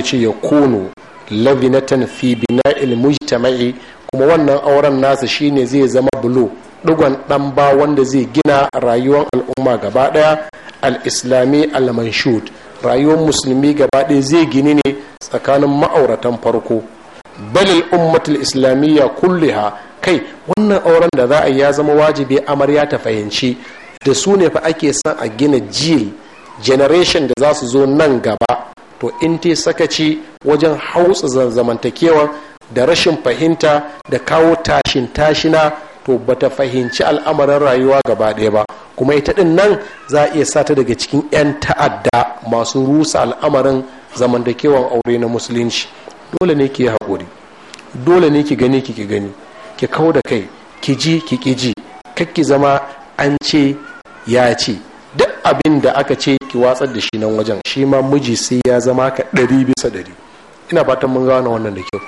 ce ya kono lavinatan fi bina'il mujtama'i kuma wannan auren nasa shine zai zama bulo ɗigon ɗan ba wanda zai gina rayuwar al'umma gaba ɗaya al-islami al-manshud rayuwar musulmi gaba ɗaya zai gini ne tsakanin ma'auratan farko balil ummatul islamiyya kulliha kai wannan auren da za a ya zama wajibi amarya ta fahimci da su ne fa ake son a gina jil generation da za su zo nan gaba to in te sakaci wajen hausa zamantakewa da rashin fahimta da kawo tashin tashina to bata fahimci al'amarin rayuwa gaba ɗaya ba kuma ita ɗin nan za a iya sata daga cikin 'yan ta'adda masu rusa al'amarin zamantakewan aure na musulunci dole ne ki yi haƙuri dole ne ki gani ki gani ki kau da kai ki ji ki ki ji kakki zama an ce ya ce duk abin da aka ce ki watsar da shi nan wajen shi ma miji sai ya zama ka ɗari bisa ɗari ina fatan mun gane wannan da kyau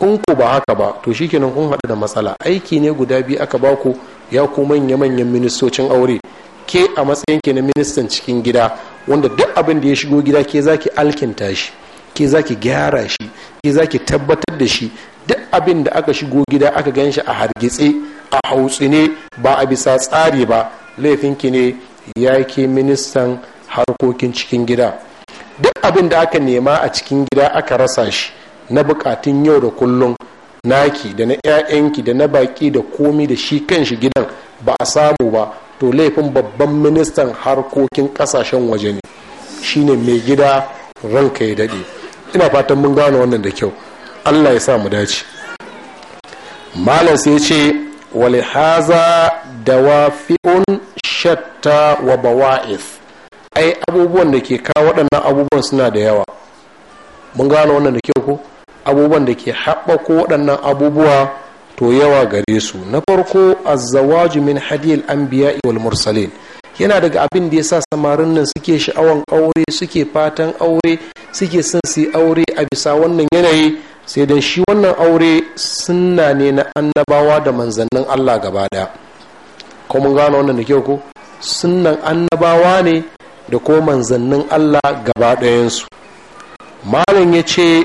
in ku ba haka ba to shikenan kun haɗu da matsala aiki ne guda biyu aka ba ku ya ku manya-manyan ministocin aure ke a matsayin ke na ministan cikin gida wanda duk abin da ya shigo gida ke zaki alkinta shi ke zaki gyara shi ke zaki tabbatar da shi duk abin da aka shigo gida aka gan shi a hargitse a hautsine ba a bisa tsari ba laifin ki ne ya ke ministan harkokin cikin gida duk abin da aka nema a cikin gida aka rasa shi na bukatun yau da kullum naki da na 'ya'yanki da na baki da komi da shi kan shi gidan ba a samu ba to laifin babban ministan harkokin kasashen waje ne shi ne mai gida ranka ya daɗe ina fatan mun gane wannan da kyau allah ya sa mu dace malam sai ce walihaza dawafi'un shatta wa bawa'if ai abubuwan da ke kawo waɗannan abubuwan suna da yawa mun gane wannan da kyau ko abubuwan da ke haɓako waɗannan abubuwa to yawa gare su na farko azzawaju min an anbiya wal mursalin yana daga abin da ya sa samarin nan suke sha'awan aure suke fatan aure suke son su aure a bisa wannan yanayi sai dan shi wannan aure sunna ne na annabawa da manzannin Allah gaba daya ko gano wannan da kyau ko sunnan annabawa ne da ko manzannin Allah gaba ɗayansu malam ya ce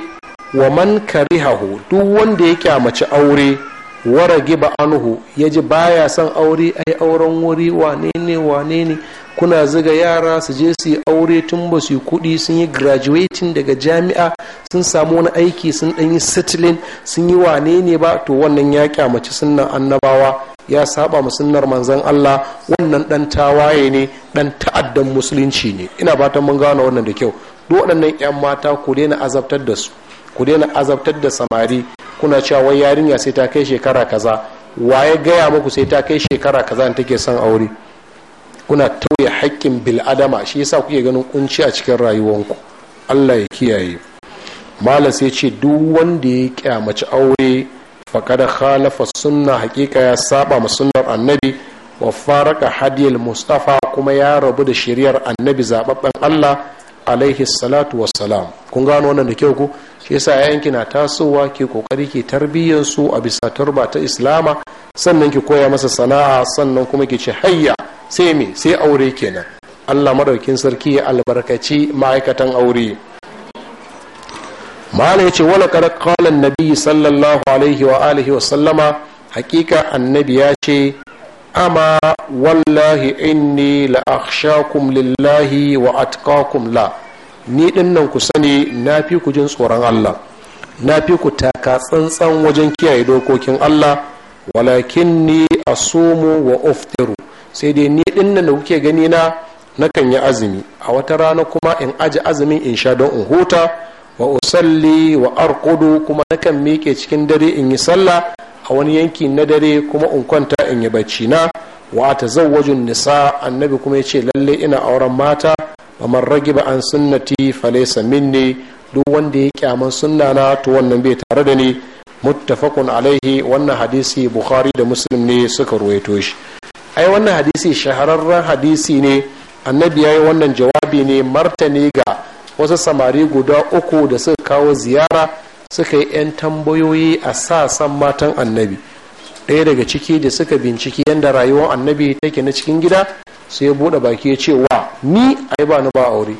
wa man karihahu duk wanda ya kyamaci aure wara giba anhu ya ji baya son aure ai auren wuri wane ne wane ne kuna ziga yara su je su yi aure tun ba su yi kudi sun yi graduating daga jami'a sun samu wani aiki sun ɗan yi settling sun yi wane ne ba to wannan ya kyamaci sunnan annabawa ya saba mu sunnar manzon Allah wannan ɗan tawaye ne dan ta'addan musulunci ne ina fatan mun gane wannan da kyau duk waɗannan 'yan mata ku daina azabtar da su ku daina azabtar da samari kuna cewa wai yarinya sai ta kai shekara kaza waye gaya muku sai ta kai shekara kaza in take son aure kuna tauye haƙƙin bil'adama shi yasa kuke ganin kunci a cikin rayuwanku allah ya kiyaye malam sai ce duk wanda ya kyamaci aure faƙada khalafa sunna haƙiƙa ya saba ma sunnar annabi wa faraka hadiyal mustafa kuma ya rabu da shiryar annabi zababben allah alaihi salatu wassalam kun gano wannan da kyau ko. yasa yasa yayanki na tasowa ke kokari ke tarbiyyar su a bisa turba ta islama sannan ki koya masa sana'a sannan kuma ki ce hayya sai me sai aure kenan allah madaukin sarki ya albarkaci ma'aikatan aure malam ya ce wala kada kalan nabi sallallahu alaihi wa alihi wa sallama hakika annabi ya ce ama wallahi inni la lillahi wa atqakum la ni din nan ku sani na fi ku jin tsoron Allah na fi ku taka tsantsan wajen kiyaye dokokin Allah walakin ni asumu wa uftiru sai dai ni din nan da kuke gani na nakan yi azumi a wata rana kuma in aji azumin in sha don in huta wa usalli wa arqudu kuma nakan miƙe cikin dare in yi sallah a wani yanki na dare kuma in kwanta in yi bacci na wa ta zawajin nisa annabi kuma ya ce lalle ina auren mata wa man ragiba an sunnati falaysa minni duk wanda ya kyaman sunna na to wannan bai tare da ni muttafaqun alaihi wannan hadisi bukhari da muslim ne suka ruwaito shi ai wannan hadisi shahararren hadisi ne annabi yayi wannan jawabi ne martani ga wasu samari guda uku da suka kawo ziyara suka yi 'yan tambayoyi a sasan matan annabi ɗaya daga ciki da suka binciki yadda rayuwar annabi take na cikin gida sai ya buɗe baki ya ce wa ni ai ba ni ba aure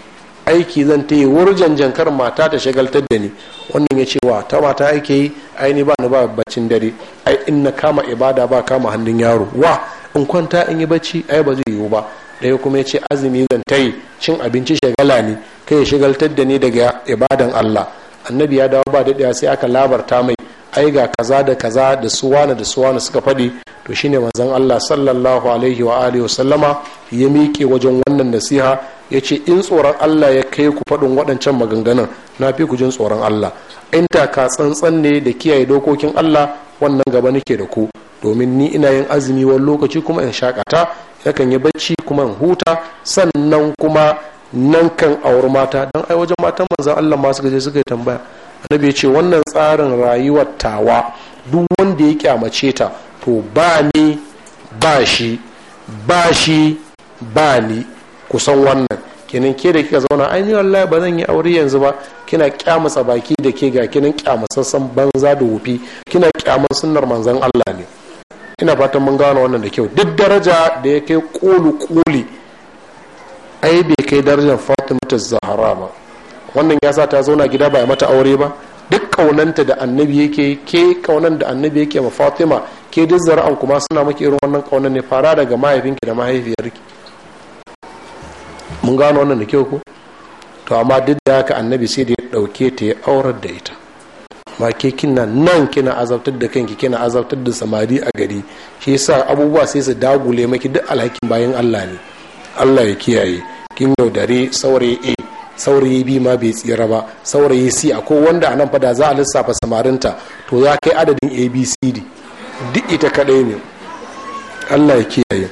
aiki zan ta yi wurjan jankar mata ta shagaltar da ni wannan ya ce wa ta mata aiki yi ai ni ba ni ba baccin dare ai in na kama ibada ba kama hannun yaro wa in kwanta in yi bacci ai ba zai yiwu ba ɗaya kuma ya ce azumi zan ta yi cin abinci shagala ne kai ya shagaltar da ni daga ibadan allah annabi ya dawo ba daɗewa sai aka labarta mai ai ga kaza da kaza da suwana da suwana suka faɗi to shine manzon Allah sallallahu alaihi wa alihi wasallama ya miƙe wajen wannan nasiha ya ce in tsoron Allah ya kai ku faɗin waɗancan maganganun na fi ku jin tsoron Allah in taka tsantsan ne da kiyaye dokokin Allah wannan gaba nake da ku domin ni ina yin azumi wani lokaci kuma in shakata yakan yi bacci kuma in huta sannan kuma nan kan auri mata don ai wajen matan manzon Allah suka gaje suka yi tambaya annabi ya ce wannan tsarin rayuwar tawa duk wanda ya kyamace ta to ba ni ba shi ba shi ba ni kusan wannan kenan ke da kika zauna ai wallahi ba zan yi aure yanzu ba kina kyamasa baki da ke ga kinan kyamasassan banza da wufi kina kyaman sunnar manzon Allah ne ina fatan mun gano wannan da kyau duk daraja da ya kai kuli kuli ai bai kai darajar fatimatu zahara ba wannan ya sa ta zauna gida ba mata aure ba duk kaunanta da annabi yake ke kaunan da annabi yake ma fatima ke duk zara'an kuma suna maki irin wannan kaunan ne fara daga mahaifinki da mahaifiyarki mun gano wannan da kyau ko to amma duk da haka annabi sai da ya dauke ta ya aurar da ita ma ke kina nan kina azabtar da kanki kina azabtar da samari a gari shi yasa abubuwa sai su dagule maki duk alhakin bayan Allah ne Allah ya kiyaye kin yaudare saurayi saurayi bi ma bai tsira ba saurayi c a ko wanda a nan fada za a lissafa samarinta to za kai adadin abcd duk ita kadai ne allah ya kiyaye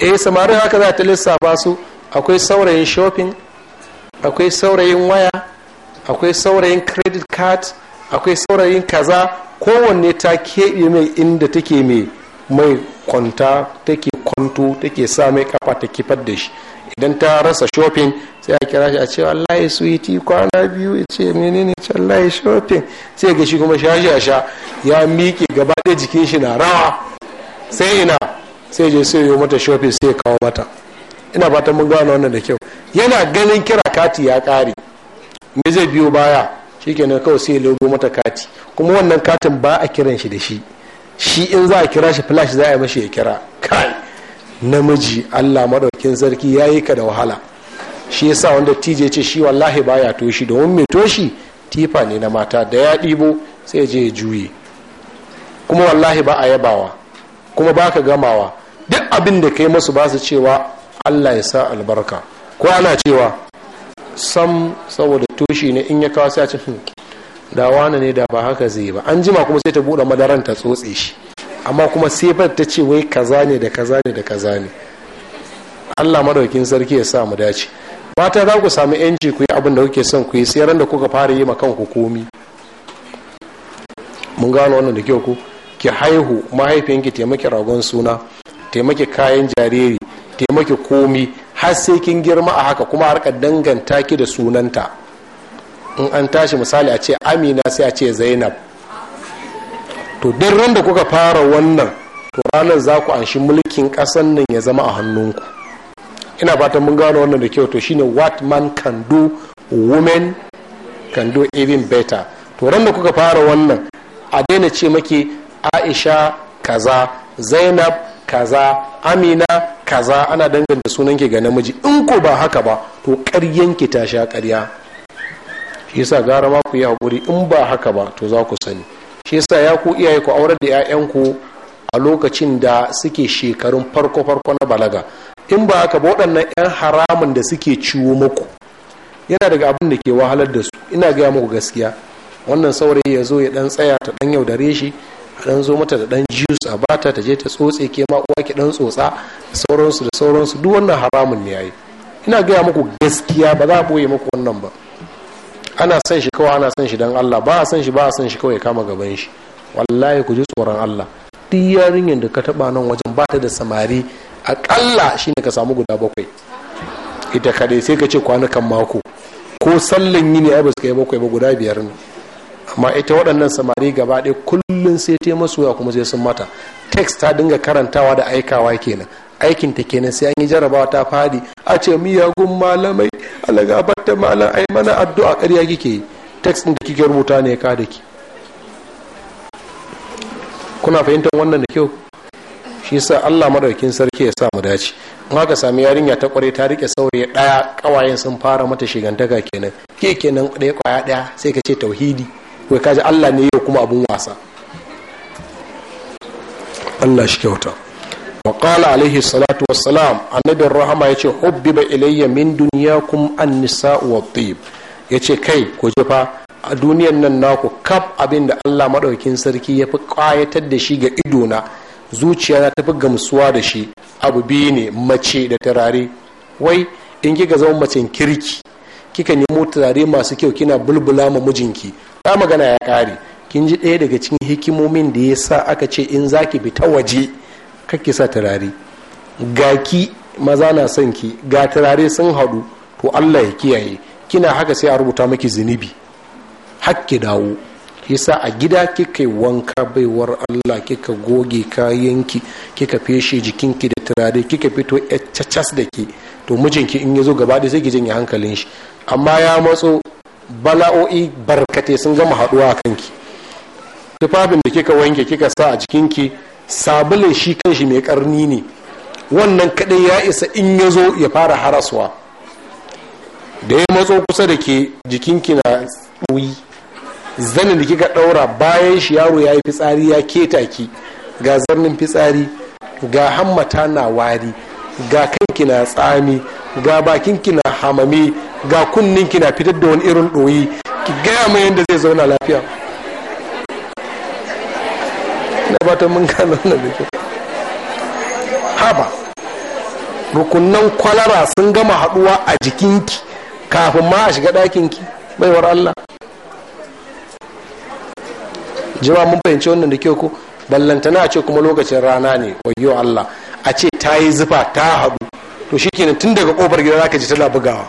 eh samarin haka za ta lissafa su akwai saurayin shopping akwai saurayin waya akwai saurayin credit card akwai saurayin kaza kowanne ta keɓe mai inda take mai mai kwanta take kwanto take sa mai kafa ta kifar da shi idan ta rasa shopping sai a kira shi a ce wallahi sweetie kwana biyu ya ce menene ce wallahi shopping sai ga shi kuma a sha ya miƙe gaba ɗaya jikin shi na rawa sai ina sai je sai yi mata shopping sai kawo mata ina fatan mun gane wannan da kyau yana ganin kira kati ya ƙare me zai biyo baya shikenan kawai sai logo mata kati kuma wannan katin ba a kiran shi da shi shi in za a kira shi flash za a yi mashi ya kira kai namiji allah maɗaukin sarki ya yi ka da wahala shi yasa wanda tije ce shi wallahi baya toshi domin mai toshi tifa ne na mata da ya ɗibo sai je ya juye kuma wallahi ba a yabawa kuma ba ka gamawa duk abin da kai masu ba su cewa allah ya sa albarka ko ana cewa sam saboda toshi ne in ya kawo sai a ce hmm, da wane ne da ba haka zai ba an jima kuma sai ta buɗe madaran ta tsotse shi amma kuma sifar ta ce wai kaza ne da kaza ne da kaza ne allah madaukin sarki ya sa mu dace fata za ku samu yanci ku yi abin da kuke son ku yi sai ran da kuka fara yi makan ku komi mun gano wannan da kyau ku ki haihu mahaifinki taimaki ragon suna taimaki kayan jariri taimaki komi har sai kin girma a haka kuma harka danganta ki da sunanta in an tashi misali a ce amina sai a ce zainab to duk randa kuka fara wannan to ranar za ku anshi mulkin ƙasan nan ya zama a hannunku ina fatan mun gano wannan da kyau to shine what man can do women can do even better to randa kuka fara wannan a daina ce maki aisha kaza zainab kaza amina kaza ana danganta sunan sunanki ga namiji in ko ba haka ba to ki ta sha karya shi yasa gara ma ku yi hakuri in ba haka ba to za ku sani shi yasa ya ku iyaye ku aurar da 'ya'yanku a lokacin da suke shekarun farko-farko na balaga in ba haka ba waɗannan 'yan haramun da suke ciwo muku yana daga abin da ke wahalar da su ina gaya muku gaskiya wannan saurayi ya zo ya dan tsaya ta dan yaudare shi a dan zo mata da dan juice a bata ta je ta tsotse ke ma uwa ki dan tsotsa sauransu da sauransu duk wannan haramun ne yayi ina gaya muku gaskiya ba za a ɓoye muku wannan ba ana son shi kawai ana son shi don allah ba a son shi ba a son shi kawai kama gaban shi wallahi ku ji tsoron allah duk yarinyar da ka taba nan wajen ba ta da samari akalla shine ka samu guda bakwai ita kadai sai ka ce kwanukan mako ko sallan yini ai ba su kai bakwai ba guda biyar ne amma ita waɗannan samari gaba ɗaya kullum sai ta masu ya kuma sai sun mata text ta dinga karantawa da aikawa kenan aikin ta kenan sai an yi jarabawa ta fadi a ce miyagun malamai alaga batta malam ai mana addu'a ƙarya kike yi text da kike rubuta ne ka da ki kuna fahimtar wannan da kyau shi sa Allah madaukin sarki ya sa mu dace in haka sami yarinya ta kware ta rike saurayi daya kawayen sun fara mata shigantaka kenan ke kenan daya kwaya daya sai ka ce tauhidi wai kaji Allah ne yau kuma abun wasa Allah shi kyauta وقال عليه الصلاة والسلام النبي الرحمة يتي حبب إلي من دنياكم النساء والطيب يتي كي كجفا الدنيا ننناكو كب أبين الله مدوكين سركي يفقاية تدشي إدونا zuciya na tafi gamsuwa da shi abu biyu ne mace da tarare wai in kika zama macen kirki kika nemo turare masu kyau kina bulbula ma mijinki ta magana ya kare kin ji ɗaya daga cikin hikimomin da ya sa aka ce in zaki bi ta waje kake sa turare ga ki maza na son ki ga turare sun haɗu to allah ya kiyaye kina haka sai a rubuta maki zunubi hakki dawo yasa a gida kika wanka baiwar allah kika goge kayanki kika feshe jikinki da turare kika fito cacas da ke to mijinki in ya zo gaba da sai ki ya hankalin shi amma ya matso bala'o'i barkate sun gama haɗuwa a kanki tufafin da kika wanke kika sa a jikinki sabulin shi kanshi mai karni ne wannan kaɗai ya isa in ya zo ya fara haraswa da ya matso kusa da ke jikinki na tsoyi zanin da kika ɗaura bayan shi yaro ya yi fitsari ya keta ki ga zarnin fitsari ga hammata na wari ga kanki na tsami ga bakinki na hamami ga kunninki na fitar da wani irin ɗoyi ki gaya mai yadda zai zauna lafiya gabatar mun gano wannan da kyau haba rukunan kwalara sun gama haduwa a jikinki kafin ma a shiga ɗakinki baiwar allah jima mun fahimci wannan da kyau ko ballantana a ce kuma lokacin rana ne wayo allah a ce ta yi zufa ta haɗu to shikenan tun daga ƙofar gida ka ji tana bugawa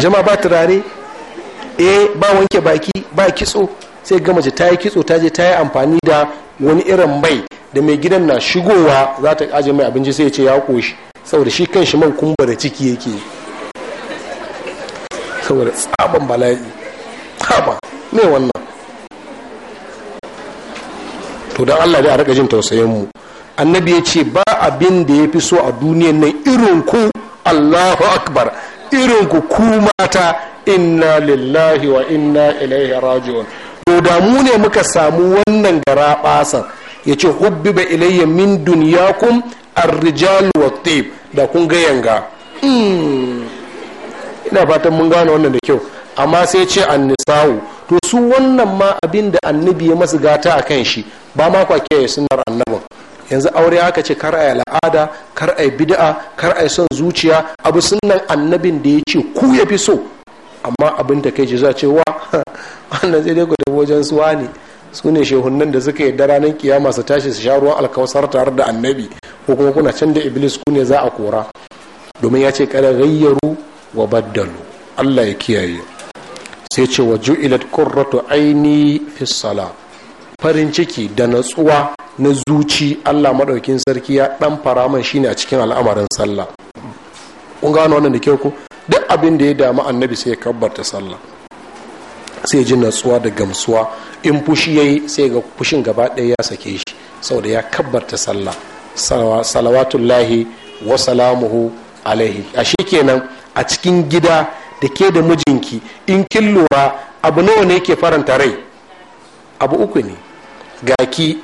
jama ba turare eh ba wanke baki ba kitso sai ga mace ta yi kitso ta je ta yi amfani da wani irin mai da mai gidan na shigowa za ta aje mai abinci sai ya ce ya koshi saboda shi kan shi man kumba da ciki yake saboda tsaban bala'i haba mai wannan to don allah dai a rika jin tausayin mu annabi ya ce ba abin da ya fi so a duniyan nan irin ku allahu akbar irin ku ku mata inna lillahi wa inna ilaihi raji'un to da mu ne muka samu wannan gara yace ya hubbiba ilayya min dunyakum ar-rijal wa tib da kun ga yanga hmm. ina fatan mun gane wannan da kyau amma sai ce annisawu. to su wannan ma abin da annabi ya masu gata a kan shi ba ma kwake ya sunar annabi yanzu aure aka ce kar a al'ada kar a bid'a kar a son zuciya abu sunan annabin da ya ce ku ya fi so amma abin ta kai ce za ce wa wannan zai dai ku tafi wajen suwa ne su ne shehunan da suka yarda ranar kiyama su tashi su sha ruwan alkawasar tare da annabi ko kuma kuna can da iblis ku ne za a kora domin ya ce kada gayyaru wa baddalu allah ya kiyaye sai ce wa ju'ilat qurratu aini fi farin ciki da natsuwa na zuci allah maɗaukin sarki ya ɗan fara man shine a cikin al'amarin sallah kun gano wannan da kyau ko duk abin da ya damu annabi sai ya kabbarta sallah sai ji natsuwa da gamsuwa in fushi ya yi sai ga fushin gaba ɗaya ya sake shi saboda ya kabbarta sallah salawatullahi wa salamuhu alaihi a kenan a cikin gida da ke da mijinki in kin lura abu nawa ne ke faranta rai abu uku ne ga ki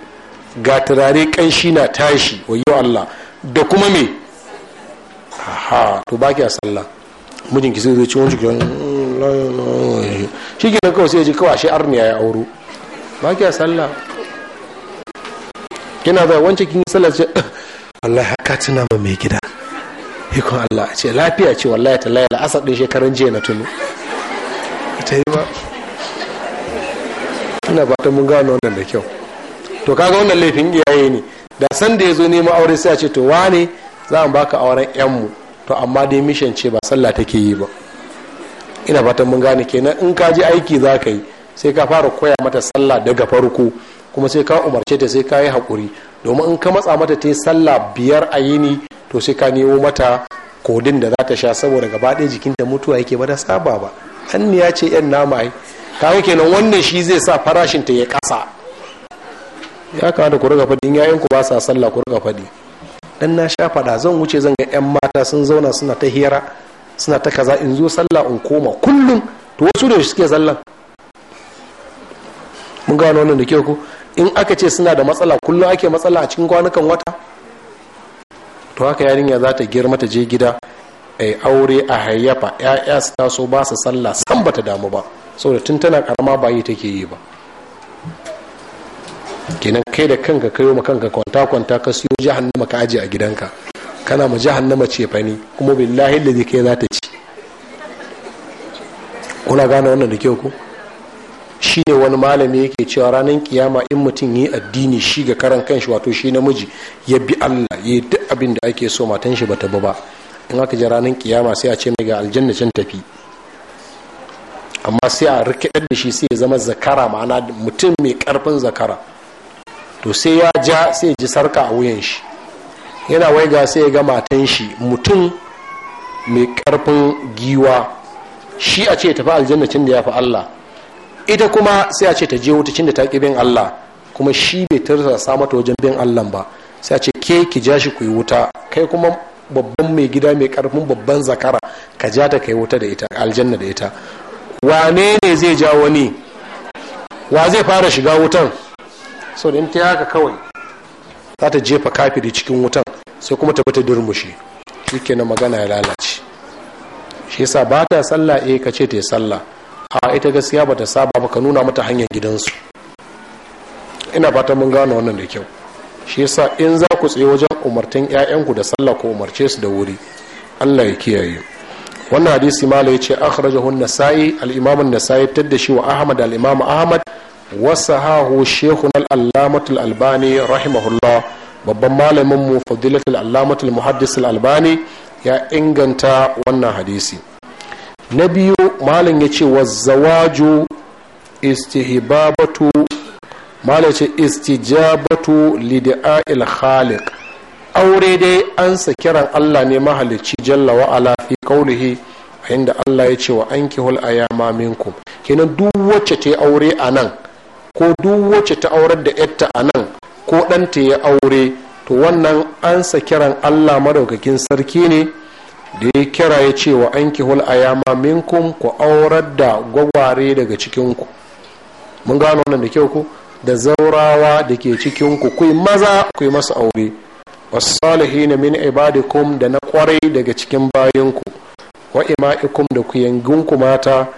ga turare kanshi na tashi wayo Allah da kuma me aha to baki a sallah mijinki sai zai ci wani cikin mm, shi kenan kawai sai ya ji kawai shi arniya ya auro ba kiya sallah kina zuwa wancan kin salla ce wallahi ah, haka tuna ma mai gida ikon Allah ce lafiya ce wallahi ta layala asa ɗin shekarun jiya na tunu. ta yi ba ina ta mun gano wannan da kyau to kaga wannan laifin iyaye ne da san da ya zo neman aure sai a ce to wane za mu baka auren 'yanmu to amma dai mishan ce ba sallah take yi ba ina fatan mun gane kenan in ka je aiki za ka yi sai ka fara koya mata sallah daga farko kuma sai ka umarce ta sai ka yi haƙuri domin in ka matsa mata ta yi sallah biyar a yini to sai ka nemo mata kodin da za ta sha saboda gaba ɗaya jikinta mutuwa yake ba da saba ba an ya ce yan nama yi kenan wannan shi zai sa farashinta ya ƙasa ya kamata ku riga faɗi in 'ya'yanku ba sa sallah ku riga faɗi dan na sha fada zan wuce zan ga yan mata sun zauna suna ta hira suna ta kaza in zo sallah in koma kullum to wasu da suke sallah mun ga wannan da ke ku in aka ce suna da matsala kullum ake matsala a cikin kwanukan wata to haka yarinya za ta girma ta je gida ai aure a hayyafa 'ya'ya su taso ba su sallah san bata damu ba saboda tun tana karama ba yi take yi ba kenan kai da kanka kai ma kanka kwanta kwanta ka siyo jahannama ka aje a gidanka kana ma jahannama ce fani kuma billahi da kai za ta ci kuna gane wannan da kyau ko shi ne wani malami yake cewa ranar kiyama in mutum yi addini shi ga karan kanshi wato shi namiji ya bi allah ya yi duk abin da ake so matan shi bata bi ba in aka ji ranar kiyama sai a ce mai ga aljanna can tafi amma sai a rikidar da shi sai ya zama zakara ma'ana mutum mai karfin zakara to sai ya ja sai ji sarka a wuyan shi yana waiga sai ya ga matan shi mutum mai karfin giwa shi a ce tafi aljannacin da ya fi Allah ita kuma sai a ce ta je cin da ta ki bin Allah kuma shi bai tarsa mata wajen bin Allah ba sai a ce ke ki ja shi ku yi wuta kai kuma babban mai gida mai karfin babban zakara ka ja ta kai wuta da ita aljanna da ita wane ne zai ja wani wa zai fara shiga wutan sau da ta haka kawai za ta jefa kafiri cikin wutan sai kuma ta bata durmushi shi na magana ya lalace shi yasa ba ta sallah eh ka ce ta yi sallah a ita gaskiya ba ta saba ba ka nuna mata hanyar gidansu ina fata mun gano wannan da kyau shi yasa in za ku tsaye wajen umartan 'ya'yanku da sallah ko umarce su da wuri allah ya kiyaye wannan hadisi mala ya ce akhrajahu an-nasa'i al-imam an-nasa'i tadda shi wa ahmad al-imam ahmad wasahahu shekun al'allamatul albani rahimahullah babban malamin mu fadilatul allamatul muhaddis albani ya inganta wannan hadisi na biyu malam ya ce wa zawaju istihibabatu malin ce istijabatu lida'il khaliq aure dai an kiran allah ne mahalicci jalla wa'ala fi kaulihi a inda allah ya ce wa an kihul ayama minkum kenan duk wacce ta aure a nan ko duk wacce ta aurar da yarta a nan ko ɗanta ya aure to wannan ansa kiran allah madaukakin sarki ne da ya kira ya ce wa an kihul ayama minkum ku aurar da gwagware daga cikinku mun gano wannan da kyau ku da zaurawa da ke cikinku ku maza ku masu aure wasu min ibadikum da na kwarai daga cikin bayanku wa ima'ikum da ku yanginku mata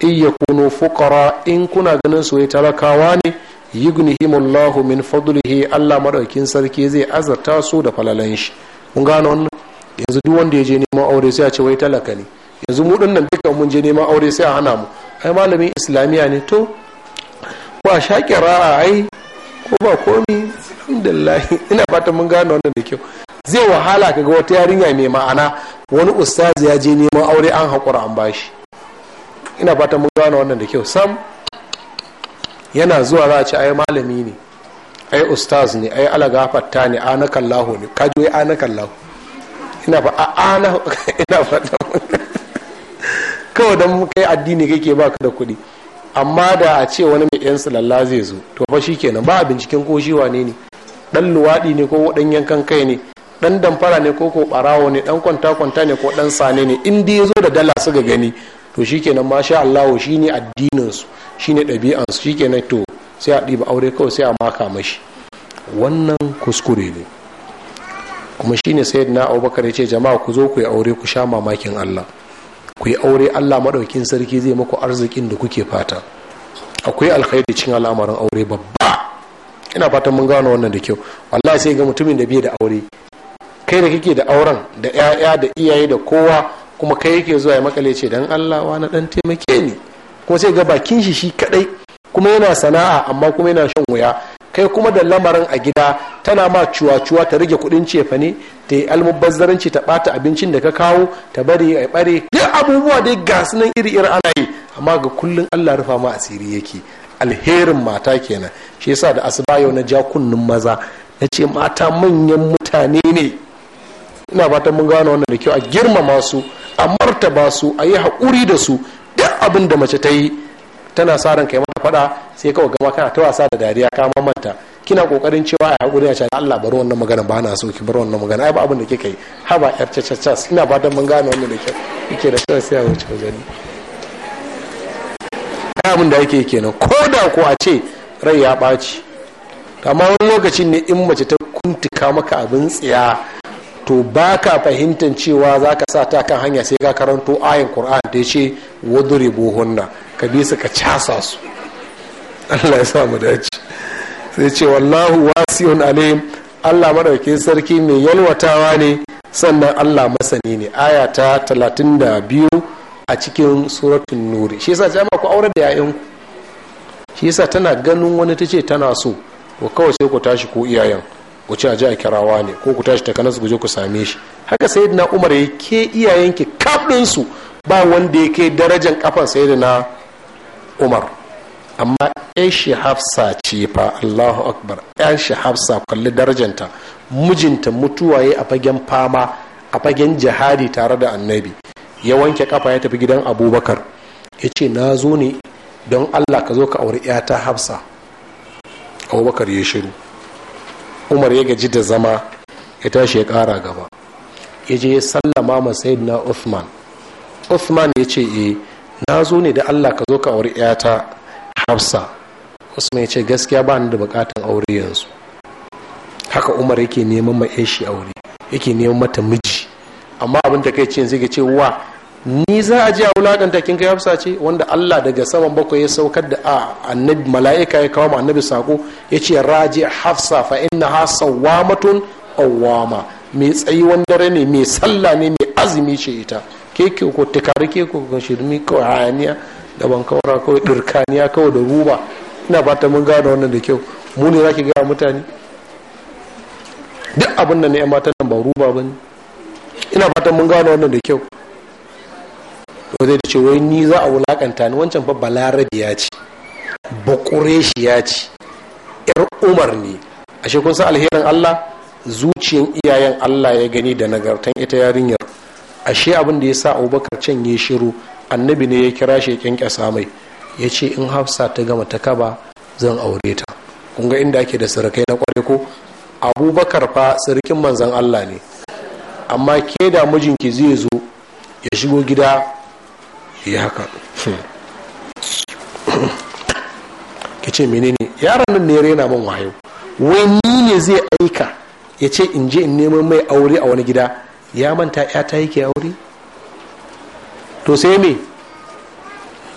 in yakunu fuqara in kuna ganin su talakawa ne yughnihimullahu min fadlihi Allah madaukin sarki zai azarta su da falalan shi mun gano wannan yanzu duk wanda ya je neman aure sai a ce wai talaka ne yanzu mu dinnan duka mun je neman aure sai a hana mu ai malamin islamiya ne to ba shaƙi ra'a ai ko ba komi alhamdulillah ina fata mun gano wannan da kyau zai wahala kaga wata yarinya mai ma'ana wani ustazi ya je neman aure an haƙura an bashi ina bata mun gane wannan da kyau sam yana zuwa za a ce ai malami ne ai ustaz ne ai alagafatta ne ana kallahu ne ka wai ana kallahu ina fa a ana ina fata kawai don kai addini kake ka da kuɗi amma da a ce wani mai yan silalla zai zo to fa shikenan ba a binciken ko shi wane ne dan luwaɗi ne ko dan yankan kai ne dan damfara ne ko ko barawo ne dan kwanta kwanta ne ko dan sane ne in dai ya zo da dala suka gani to shikenan masha Allah shine addinin su shine ɗabi'ansu su shikenan to sai a ɗiba aure kawai sai a maka mashi wannan kuskure ne kuma shine na Abubakar ya ce jama'a ku zo ku yi aure ku sha mamakin Allah ku yi aure Allah maɗaukin sarki zai maku arzikin da kuke fata akwai alkhairi cin al'amarin aure babba ina fatan mun gano wannan da kyau wallahi sai ga mutumin da bai da aure kai da kake da auren da 'ya'ya da iyaye da kowa kuma kai yake zuwa ya makale ce dan Allah wa na dan taimake ni kuma sai ga bakin shi shi kadai kuma yana sana'a amma kuma yana shan wuya kai kuma da lamarin a gida tana ma cuwa-cuwa ta rage kudin cefa ne ta yi almubazzaranci ta bata abincin da ka kawo ta bari a bare duk abubuwa dai ga nan iri iri ana yi amma ga kullum Allah rufa ma asiri yake alherin mata kenan shi yasa da asuba yau na ja kunnin maza na ce mata manyan mutane ne ina fatan mun gano wannan da kyau a girmama su a martaba su a yi haƙuri da su duk abin da mace ta yi tana sa ran kai mata faɗa sai kawai gama kana ta wasa da dariya ka mamanta kina kokarin cewa a haƙuri a cewa Allah bar wannan magana ba na so ki bar wannan magana ai ba abin da kike yi ha ba yar cacacas ina fatan mun gane wannan da kike kike da kai sai a wuce gani abin da yake kenan ko da ko a ce rai ya ɓaci amma wani lokacin ne in mace ta kuntuka maka abin tsiya to ba ka fahimtar cewa za ka sa ta kan hanya sai ka karanto ayin qur'an da ya ce wadure buhunna ka bi su ka casa su allah ya sa mu dace sai ce wallahu wasiyun alim allah madaukakin sarki mai yalwatawa ne sannan allah masani ne aya ta 32 a cikin suratun nuri shi yasa jama'a ku aure da yayan ku shi yasa tana ganin wani ta ce tana so ko kawai sai ku tashi ko iyayen ku ce a ji a kirawa ne ko ku tashi takanas ku je ku same shi haka sayyidina umar ya ke iyayenki kaɗin su ba wanda ya kai darajan kafan sayyidina umar amma yan shi hafsa ce fa allahu akbar yan shi hafsa kalli darajanta mijinta mutuwa ya a fagen fama a fagen jihadi tare da annabi ya wanke kafa ya tafi gidan abubakar ya ce na zo ne don allah ka zo ka auri 'yata hafsa abubakar ya shiru umar ya gaji da zama ya tashi ya kara gaba ya je ya sallama ma na uthman uthman ya ce e na zo ne da allah ka zo ka auri yata hafsa usman ya ce gaskiya ba ni da bukatan aure yanzu haka umar yake neman ma aure yake neman mata miji amma abin da kai ce yanzu ya ce wa ni za a je a wulaƙanta kin kai hafsa ce wanda Allah daga saman bakwai ya saukar da a annabi mala'ika ya kawo annabi sako ya ce raji hafsa fa inna ha sawwamatun awwama mai tsayi wandare ne mai sallah ne mai azumi ce ita ke ke ko tikari ke ko shirmi ko hayaniya da kawara ko dirkaniya kawai da ruba ina fata mun gano wannan da kyau mu ne zaki ga mutane duk abin da ne yi matan nan ba ruba bane ina fata mun gano wannan da kyau to zai ce wai ni za a wulakanta ni wancan fa balarabi ya ce bakure shi ya ce yar umar ne ashe kun san alherin allah zuciyan iyayen allah ya gani da nagartan ita yarinyar ashe abin da ya sa abubakar can ya shiru annabi ne ya kira shi ya kyankyasa mai ya ce in hafsa ta gama ta kaba zan aure ta kun ga inda ake da sarakai na kware ko abubakar fa sarkin manzan allah ne amma ke da mijinki zai zo ya shigo gida ya eh, haka hmm. ke ce menene yaron nan ne ya rena min wayo wani ne zai aika ya ce in je in neman mai aure a wani gida ya manta ya ta yake aure to sai me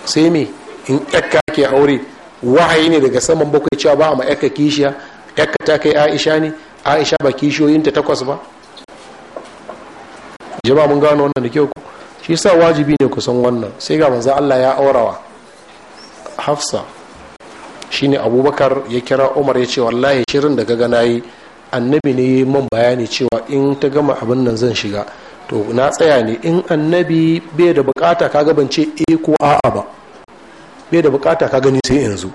sai me in yakka ke aure wahayi ne daga saman bakwai cewa ba ma ma'aikar kishiya yakka ta kai aisha ne aisha ba kishiyoyinta takwas ba jama'a mun gano wannan da kyau shi sa wajibi ne kusan wannan sai ga manzo Allah ya aurawa hafsa shine abubakar ya kira umar ya ce wallahi shirin da gaga nayi annabi ne man bayani cewa in ta gama abin nan zan shiga to na tsaya ne in annabi bai da bukata kaga ban ce e ko a'a ba bai da bukata ka gani sai yanzu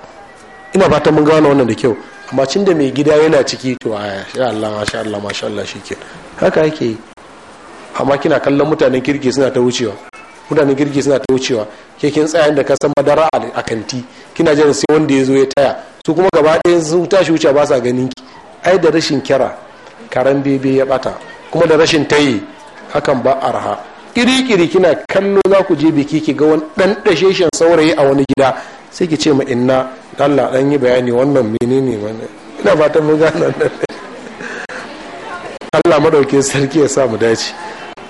ina fatan mun gano wannan da kyau amma cinda mai gida yana ciki to a sha Allah masha Allah masha Allah shike haka yake amma kina kallon mutanen kirki suna ta wucewa mutanen kirki suna ta wucewa ke kin tsayan da ka san madara a kanti kina jin sai wanda ya zo ya taya su kuma gaba ɗaya sun tashi wuce ba sa ganin ki ai da rashin kira karan bebe ya bata kuma da rashin tayi hakan ba arha kiri-kiri kina kallo za ku je biki ki ga wani dan dasheshen saurayi a wani gida sai ki ce ma inna Allah dan yi bayani wannan menene wannan ina fatan mun gane Allah madaukin sarki ya sa mu dace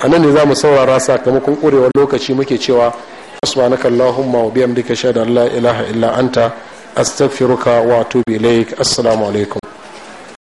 a nan ne za mu saurara sakamakon ƙurewar lokaci muke cewa subhanaka allahumma wa bihamdika shada la ilaha illa anta astaghfiruka wa atubu ilaik assalamu alaikum